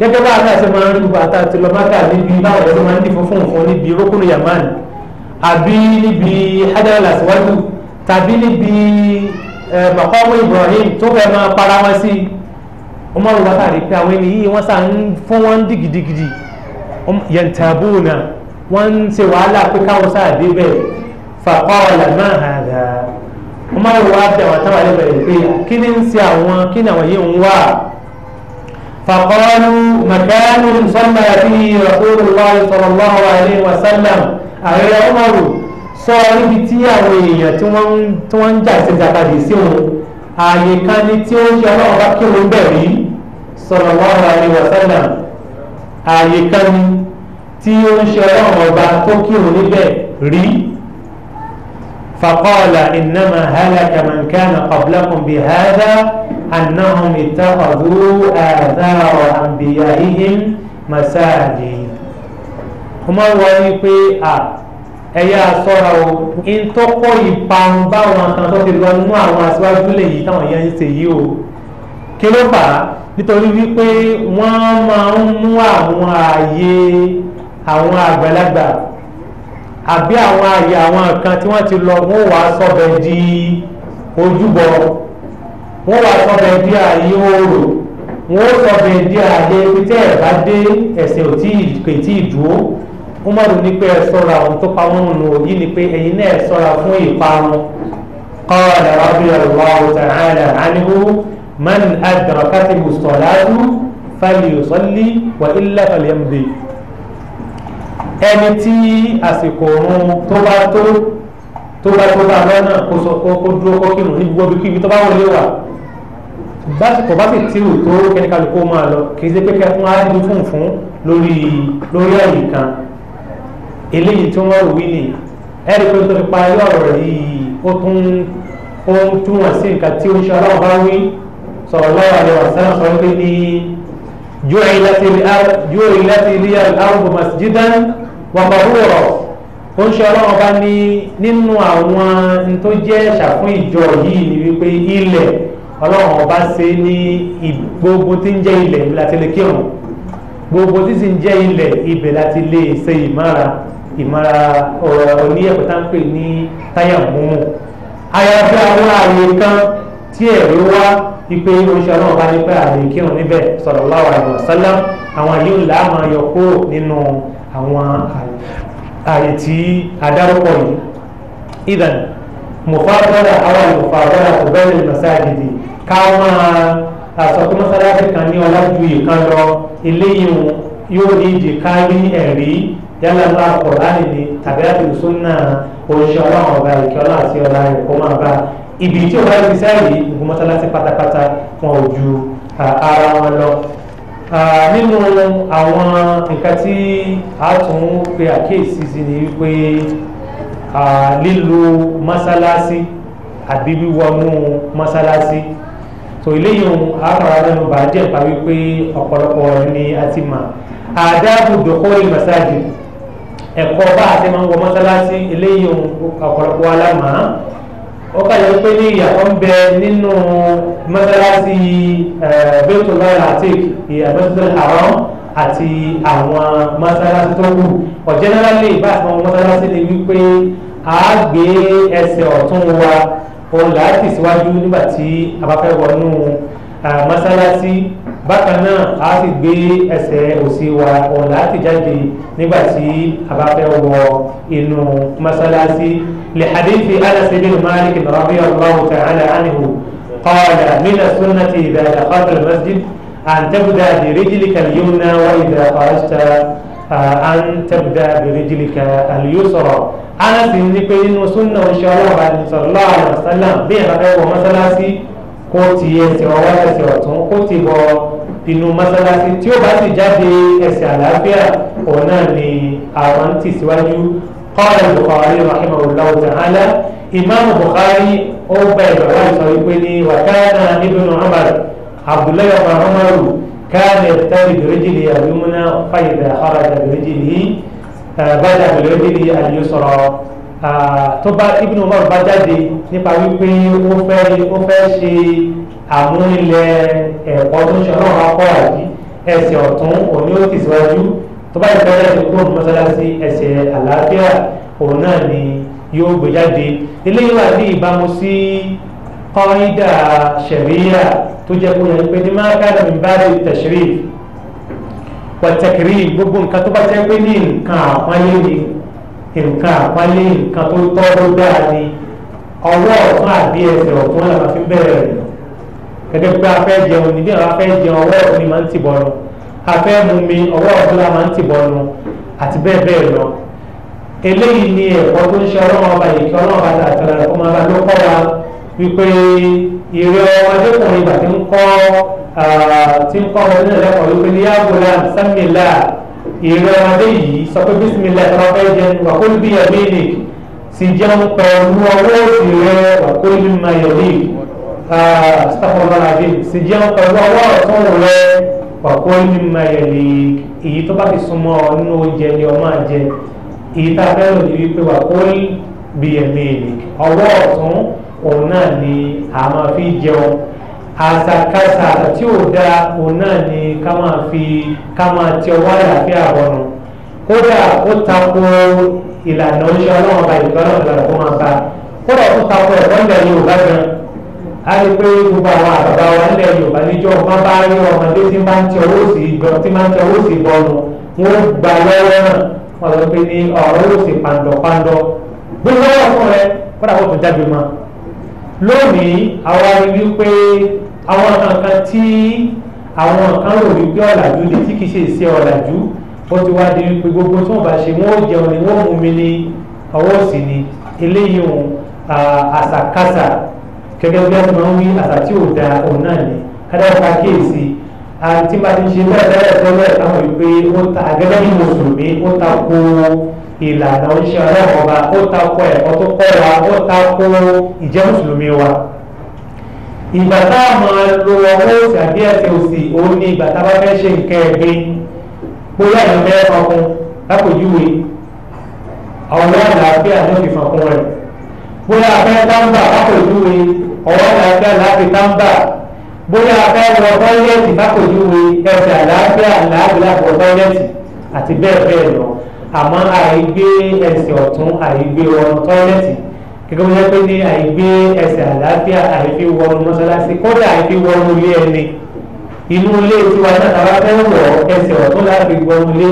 gẹ́gẹ́ bá àti àti máa ń rí bàtà àti lọ́mọ́tà níbi báwọn ẹ̀rọ máa ń di funfun fún níbi rókùnrin yamani àbí níbi hajar al tàbí níbi eh, maqamu ibrahim tó fẹ́ máa para wọn sí i ọmọ yorùbá tá a lè pe àwọn ẹni yìí wọ́n sá ń fún wọn dìgìdìgìdì yantabuna wọ́n ń ṣe wàhálà pé káwọn sáà dé bẹ́ẹ̀ faqala ma hadha ọmọ yorùbá bí àwọn táwọn ẹni bẹ̀rẹ̀ pé kí ni ń ṣe àwọn kí ni àwọn yìí ń wá faqalu makanu sọ́nà àti rasulullah sallallahu alayhi wa sallam ààrẹ ọmọ rò sọ níbi tí àwọn èèyàn tí wọ́n ń jà sí jàkadì sí wọn ààyè kan ni tí ó ń ṣe ọlọ́run bá kí wọn bẹ̀rẹ̀ yìí sallallahu alaihi wasallam ààyè kan ni tí ó ń ṣe ọlọ́run ọba tó kírun níbẹ̀ rí faqala innama halaka man kana qablakum bihadha annahum ittakhadhu athara anbiya'ihim masajid ọmọ wa ni pé a ẹyà sọ́ra o ntọ́kọ̀ ìparun báwọn kan ti lọ nú àwọn aṣáájú lè yí táwọn yẹn ń ṣe yìí o kí ló fà á nítorí wípé wọ́n máa ń mú àwọn ààyè àwọn àgbàlagbà àbí àwọn ààyè àwọn kan tí wọ́n ti lọ wọ́n wà sọ́bẹ̀ di ojúbọ wọ́n wà sọ́bẹ̀ di ààyè oòrò wọ́n sọ́bẹ̀ di ààyè pété ẹ̀bá dé ẹ̀sìn kò tí ì dúró umaru ní pé ẹ sọ́ra ohun tó pamọ́ nù òyí ni pé ẹ̀yin náà ẹ sọ́ra fún ìparun qala radiyallahu ta'ala anhu. من adrakati musolatu فليصلي وإلا illa falyamdi ẹni tí àsìkò òun tó bá tó tó bá tó bá lọ́nà kó sọ kó kó dúró kó kírun níbi gbogbo kíbi tó bá wọlé wà básìkò bá sì tìrù tó kẹ́ni kálukú máa lọ kì í ṣe pé kẹ́kún áádùn fún lórí lórí ẹ̀yìn kan eléyìí tí wọ́n wí ni ẹ̀rí pé tó fi parí ọ̀rọ̀ yìí ó tún ó túwọ̀n sí nǹkan tí oníṣẹ́ ọlọ́run bá wí sallallahu alaihi wasallam sọ pé ní ju'ilati liya al-ardu masjidan wa tahura ó ń ṣe ọlọ́run bá ní nínú àwọn tó jẹ́ ṣàfún ìjọ yìí ni wípé ilẹ̀ ọlọ́run ọba ṣe ní gbogbo tí ń jẹ́ ilẹ̀ ìbí láti lè kírun gbogbo tí sì ń jẹ́ ilẹ̀ ibẹ̀ láti lè ṣe ìmára ìmára oní ẹ̀kọ́ ń pè ní táyà múmu àyàfi àwọn àyè kan tí ẹ̀rí wá ipe oṣù ọlọ́run bá ní pé àlè kírun níbẹ̀ sallallahu alaihi wasallam àwọn yìí ńlá máa yọ kúrò nínú àwọn àyè tí adárúkọ yìí idan mufadala àwọn mufadala tó bẹ́ẹ̀ lè masajidi ká máa àsọkú mọ́sálásí kan ní ọlájú yìí kan lọ eléyìí yóò ní ìdí kárí ẹ̀rí yálà bá Kùránì ni tàbí àti sunna oṣù ọlọ́run ọba ìkẹ́ ọlá àti ọlá ẹ̀kọ́ ibi tí òun bá ti sẹ́yìn gbogbo mọ́sálásí pátápátá kan ò ju ara wọn lọ nínú àwọn nǹkan tí a tún pe àkíyèsí sí ni wípé lílo mọ́sálásí àbí wíwọnú mọ́sálásí tò eléyìí ohun àkàrà nínú bàjẹ́ pa wípé ọ̀pọ̀lọpọ̀ ni a ti mọ̀ àdáàbò dòkórí mọ́sáàjì ẹ̀kọ́ bá a ti máa ń wọ mọ́sálásí eléyìí ohun ọ̀pọ̀lọpọ̀ alámàá ọkà yẹn pé ní ìyàtọ̀ ń bẹ nínú mọ́sálásí bẹ́tọ̀ lọ́yà àti ìyàtọ̀ àrọ́ àti àwọn mọ́sálásí tó kù ọ̀jẹ́nẹ́rálì bá àwọn mọ́sálásí ni wípé a gbé ẹsẹ̀ ọ̀tún wa òun làá tẹ̀síwájú nígbà tí a bá fẹ́ wọnú mọ́sálásí. bákan náà a ti gbé ẹsẹ̀ òsì wa ọ̀la láti jáde nígbà tí a bá fẹ́ wọ inú masalasi li hadithi anas bin malik rabi allah ta'ala anhu qala min sunnati idha dakhalta al-masjid an tabda bi rijlika al-yumna wa idha kharajta an tabda bi rijlika al-yusra anas ní pé inú sunna inshallah sallallahu alaihi wasallam bí a bá fẹ́ wọ masalasi kó ti wá ọwọ́ ẹsẹ̀ ọ̀tún kó ti bọ̀ inú mọ́sálásí tí ó bá sì jáde ẹsẹ̀ àlàáfíà òun náà ni àwọn ń tẹ̀síwájú kọ́ọ̀lù Bukhari rahimahullahu ta'ala ìmáàmù Bukhari ó gba ìbára sọ wípé ní wàkánà ibn Umar Abdullahi ibn Umar kánà tẹ́lẹ̀ bìrìjìlì àbímúná fàyìdà ọ̀rọ̀dà bìrìjìlì bàdà bìrìjìlì àlùsọ̀rọ̀ tó bá ibn Umar bá jáde nípa wípé ó fẹ́ ṣe àmúlẹ̀ ẹ̀kọ́ tó ń ṣe ọlọ́run akọ́ àbí ẹsẹ̀ ọ̀tún òní ó tẹ̀síwájú tó bá ìfẹ́ rẹ̀ tó ń mọ́sálásí ẹsẹ̀ àlàáfíà òun náà ni yóò gbé jáde eléyìí wà ní ìbámu sí kọ́ńdà ṣẹ̀ríyà tó jẹ́ kó yẹ pé ní máa ká lómi bá rí tẹ̀sírì pọ̀tẹ́kìrì gbogbo nǹkan tó bá jẹ́ pé ní nǹkan àpọ́nlé ni nǹkan àpọ́nlé nǹkan tó tọ́ ló dáa ni ọwọ́ ọ̀tún àbí ẹsẹ̀ ọ̀tún làwọn fi bẹ̀rẹ̀ rẹ̀ gẹ́gẹ́ pé afẹ́ jẹun níbí àwọn afẹ́ jẹun ọwọ́ ọ̀tún ni máa ń tì bọ́nu afẹ́ mu mi ọwọ́ ọ̀tún la máa ń tì bọ́nu àti bẹ́ẹ̀ bẹ́ẹ̀ lọ eléyìí ni ẹ̀kọ́ tó ń ṣe ọlọ́run ọba yìí kí ọlọ́run ọba tà àtàlà rẹ̀ kó máa bá ló kọ́ wa wípé ìrẹ́ ọmọdékùnrin ìgbà tí ń kọ́ tí ń kọ́ ọmọdé náà lẹ́kọ̀ọ́ wípé ní yàgòlá sàmìlà ìrẹ́ ọmọdé yìí sọ pé bísímìlà tó bá fẹ́ jẹun wàkólú bí yẹ̀mí nì sì jẹun pẹ̀lú ọwọ́ òsì rẹ̀ wàkólú bí yẹ̀mí nì sítàfọ́nà àbí sì jẹun pẹ̀lú ọwọ́ ọ̀tún rẹ ọ̀pọ̀ mímọ ẹ̀lẹ́ èyí tó bá fi súnmọ́ sumo nínú oúnjẹ ni ọ máa jẹ èyí tá a fẹ́ràn ní wípé wà kó bí ẹ̀mí èlé ọwọ́ ọ̀tún òun náà ni a máa fi jẹun àṣàkáṣà tí ò dáa òun náà ni ká máa fi ká máa ti ọwọ́ àyàfẹ́ àwọnù kódà ó tako ìlànà oníṣẹ́ ọlọ́run ọba ìgbọ́nà ìlànà kó máa bá kódà ó tako ẹ̀kọ́ ìgbà yóò bá gan a lè pé gbogbo àwọn àbàbà wa nílẹ̀ yorùbá níjọ́ wọn bá rí ọmọdé tí máa ń tẹ owó sí ìgbọ́ tí máa ń tẹ owó sí bọ́ọ̀lù wọn gba lọ́wọ́ náà wọn lọ pé ní ọ̀rọ̀ owó sí pàǹdọ̀pàǹdọ̀ gbogbo ọ̀rọ̀ fún rẹ kódà wọ́n tún jáde mọ́ lónìí àwa rí wípé àwọn kankan tí àwọn kan rò wípé ọ̀làjú ni tí kì í ṣe ìṣe ọ̀làjú ó ti wá di wípé gbogbo tí wọ́n bá ṣe wọ́n ó jẹun ni wọ́n mú mi ní ọwọ́ òsì ni eléyìí àṣàkáṣà gẹ́gẹ́ bí ẹ̀sìn máa ń wí àṣà tí ò da òun náà ni kádàkà kéèsì àti bá ti ṣe bẹ́ẹ̀ bẹ́ẹ̀ tẹ́lẹ̀ táwọn ìpè ó ta gẹ́gẹ́ bí mùsùlùmí ó ta kó ìlànà oníṣẹ́ ọlọ́mọba ó ta kó ẹ̀kọ́ tó kọ́ wa ó ta kó ìjẹ́ mùsùlùmí wa ìgbà tá a máa lo ọwọ́ òsì àbí ẹsẹ̀ òsì òun ni ìgbà tá fẹ́ ṣe nǹkan ẹ̀gbin bóyá ìyẹn fẹ́ fọkun lápòjúwe ọ̀rọ̀ àlàáfíà ló fi fọkun rẹ̀ bóyá a dáńgbà lápòjúwe ọwọ́ àlàáfíà láti tàǹbà bóyá afẹ́ lọ tọ́lẹ́tì mákòjúwe ẹsẹ̀ àlàáfíà làágbé lápò tọ́lẹ́tì àti bẹ́ẹ̀ bẹ́ẹ̀ lọ àmọ́ àìgbé ẹsẹ̀ ọ̀tún àìgbé ọ̀nà tọ́lẹ́tì gẹ́gẹ́ bí wọ́n pè ní àìgbé ẹsẹ̀ àlàáfíà àìfi wọnú mọ́sálásí kódà àìfi wọnú ilé ẹni inú ilé tiwa náà tàbá fẹ́ wọ ẹsẹ̀ ọ̀tún láti wọnú ilé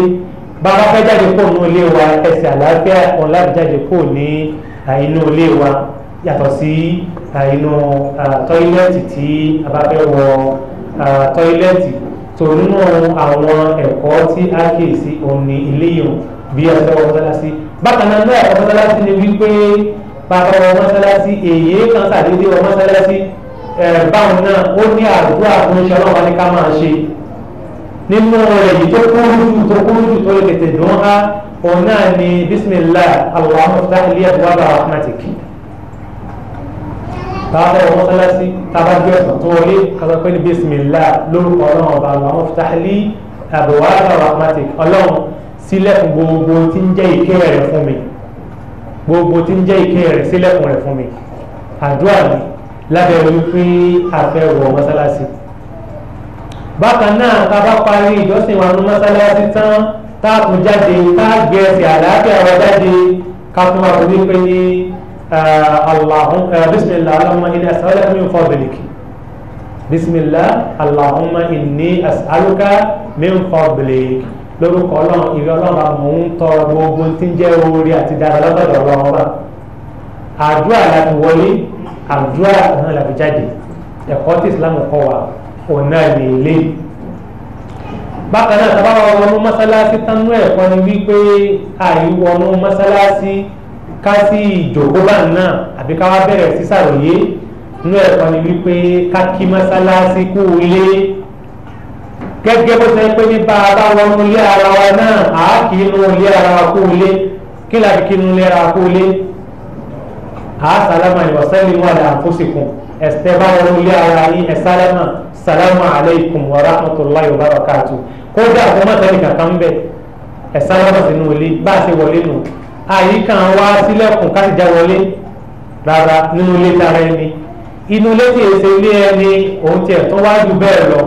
bàbá fẹ́ jáde kó inú ilé wa ẹsẹ̀ àlàáfíà ọ̀la yàtọ̀ sí inú tọ́ílẹ̀tì tí a bá fẹ́ wọ tọ́ílẹ̀tì tó nínú àwọn ẹ̀kọ́ tí a kè sí òun ní ilé yìí bí a fẹ́ wọ mọ́sálásí bákan náà náà ẹ̀kọ́ mọ́sálásí ni wípé bàbá wọ mọ́sálásí èyí kan sàdédé wọ mọ́sálásí báwọn náà ó ní àdúrà tó ń ṣe ọlọ́wọ́ ní ká máa ṣe nínú èyí tó kúrú jù tó kúrú jù tó lè tètè dùn á òun náà ni bismillah allahumma ftah li abwaaba rahmatik tàbá wọn mọ́sálásí tàbá gbé ọ̀sán tó wọlé kàtà pé ní bisimilá lórúkọ ọlọ́run ọba àwọn ọmọfitahili àbẹ̀wò rahmatik ọlọ́run sílẹ̀kùn gbogbo tí ń jẹ́ ìké rẹ̀ fún mi gbogbo tí ń jẹ́ ìké rẹ̀ sílẹ̀kùn rẹ̀ fún mi àdúrà mi lábẹ́ wípé àfẹ́wọ̀ mọ́sálásí. bákan náà tàbá parí ìjọsìn wa ní mọ́sálásí tán táàkùn jáde táàgbẹ̀ẹ́sì àlàáfíà wa jáde ká fún wa wípé ní اللهم بسم الله اللهم إني أسألك من فضلك بسم الله اللهم إني أسألك من فضلك lórúkọ ọlọ́run ìrẹ ọlọ́run bá mò ń tọ gbogbo tí ń jẹ́ orí àti dára lọ́dọ̀ ọlọ́run bá àdúrà láti wọlé àdúrà náà láti jáde ẹ̀kọ́ tí islam kọ́ wa òun náà lè lé bákan náà sábà wọnú mọ́sálásí tánú ẹ̀kọ́ ni wípé àìwọnú mọ́sálásí ká sí ìjòkóbá náà àbí ká wá bẹ̀rẹ̀ sí ṣàròyé inú ẹ̀kọ́ ni wípé ká kí mọ́sálásí kú ilé gẹ́gẹ́ bó ṣe pé ní bá a bá wọnú ilé ara wa náà à á kì í nu ilé ara wa kú ilé kí là kí nu ilé ara wa kú ilé à á sàlámà ìwọ̀sẹ́lì wà ní àfọ́sìkùn ẹ̀sẹ̀ bá wọnú ilé ara yín ẹ̀ sàlámà sàlámà aleikum wa rahmatulahi wa barakatu kódà kó má sẹ́ni kankan bẹ́ẹ̀ ẹ̀ sàlámà sínú ilé bá a ṣe wọlé nù àyíká wa sílẹ̀kùn káti já wọlé rárá nínú ilé tara ẹni inú ilé tí èsè ilé ẹni òun tiẹ̀ tó wá ju bẹ́ẹ̀ lọ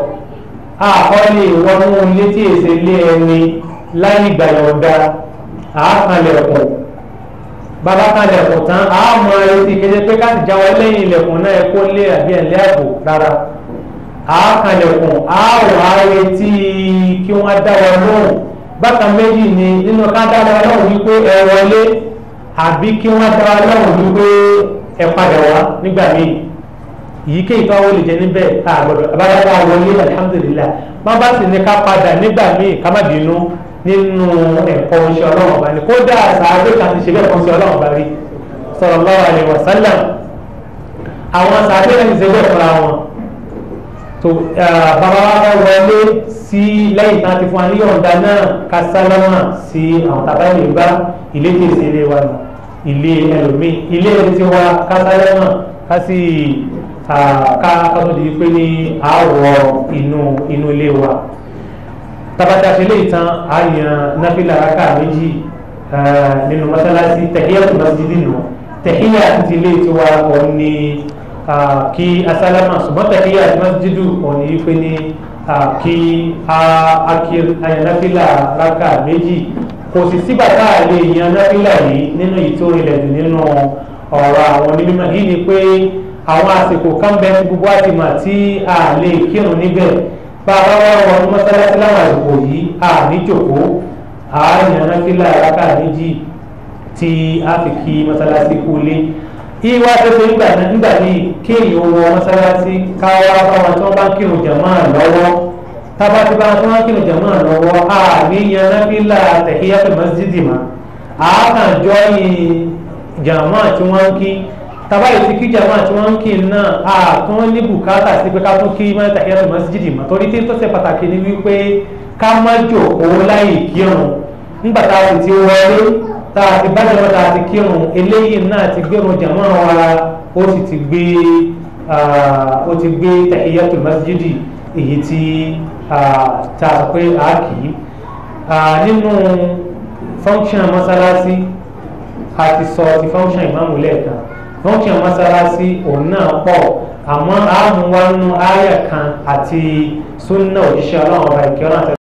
àkọọ́lẹ̀ ìwọ́nú ilé tí èsè ilé ẹni láyé ìgbà yọ̀ọ̀dá àákanlẹ̀kùn bàbá kanlẹ̀kùn tán àmọ́ ẹtì kéde pé káti já wọlé lẹ́yìn ilẹ̀kùn náà ẹ̀kọ́ lé àbí ẹ̀lẹ́ àbò rárá àákanlẹ̀kùn àáwọ̀ àárẹ̀ tí kí wọ́n dá wọn lóhùn bákan méjì ni nínú ká dára ọlọ́run wípé ẹ wọlé àbí kí wọ́n dára ọlọ́run wípé ẹ padà wá nígbà míì èyíkéyìí tó wọlé jẹ níbẹ̀ tá a gbọdọ̀ abájáde àwọlé alihamudulilayi má bá sì ní ká padà nígbà míì ká má bínú nínú ẹ̀kọ́ oṣù ọlọ́run ọba ni kódà sàádé kan ti ṣe bẹ́ẹ̀ kan sí ọlọ́run ọba rí sallallahu alaihi wasallam àwọn sàádé kan ti ṣe bẹ́ẹ̀ fúnra wọn so bàbá wa fẹ́ wọlé sí lẹ́yìn tá a ti fún wa ní yọ̀ǹda náà ká sálámà sí àwọn tàbá ìlú bá ilé tí èsì ilé wa ilé ẹlòmíì ilé tí wa ká sálámà ká sì ká ká tó di pé ní àwọ̀ inú inú ilé wa tabata ṣe lè tan àyàn náfìlà rákà méjì nínú mọ́sálásí tẹ̀híyà tó lọ sí dínú tẹ̀híyà ti ilé tiwa kí asálámà ṣùgbọ́n tàbíyà masjidu òní pé ní kí ayànáfílà rákà méjì kò sì sígbà tá a lè yan náfílà yìí nínú ìtòrìlẹ̀ jù nínú ọ̀rọ̀ àwọn onímọ̀ yìí ni pé àwọn àsìkò kan bẹ ní gbogbo àtìmọ̀ tí a lè kírun níbẹ̀ bá a bá wá wọn mọ́sálásí láwọn àsìkò yìí a ní jòkó a yan náfílà rákà méjì tí a fi kí mọ́sálásí kú lé kí wá tẹ́tẹ́ nígbà nígbà míì kí èyí wọ mọ́sálásí káwá fáwọn tí wọ́n bá ń kírun jàmá lọ́wọ́ tábà tí bá wọ́n kírun jàmá lọ́wọ́ àmì yanábílà tẹ̀kíyàtọ̀ mọ́sídìí mà àákànjọ́ yìí jàmá tí wọ́n ń kí tábà yìí ti kí jàmá tí wọ́n ń kí náà àtún ní bùkátà sí pé ká tún kí mọ́ tẹ̀kíyàtọ̀ mọ́sídìí mà torí tí tó ṣe pàtàkì ni wípé ká má jòkó láì kírun nígbà táwọn ti wọlé tá a ti bájà lọ tá a ti kírun eléyìí náà ti gbẹrun jàmọ wa ó sì ti gbé ó ti gbé tahiyatul masjidi èyí tí tá sọ pé a kì í nínú function mọ́sálásí a ti sọ ti function ìmáàmù lẹ́ẹ̀kan function mọ́sálásí òun náà pọ̀ àmọ́ àmúwánú àyà kan àti sunna òjíṣẹ́ ọlọ́run ọba ìkẹ́rọ̀ àti.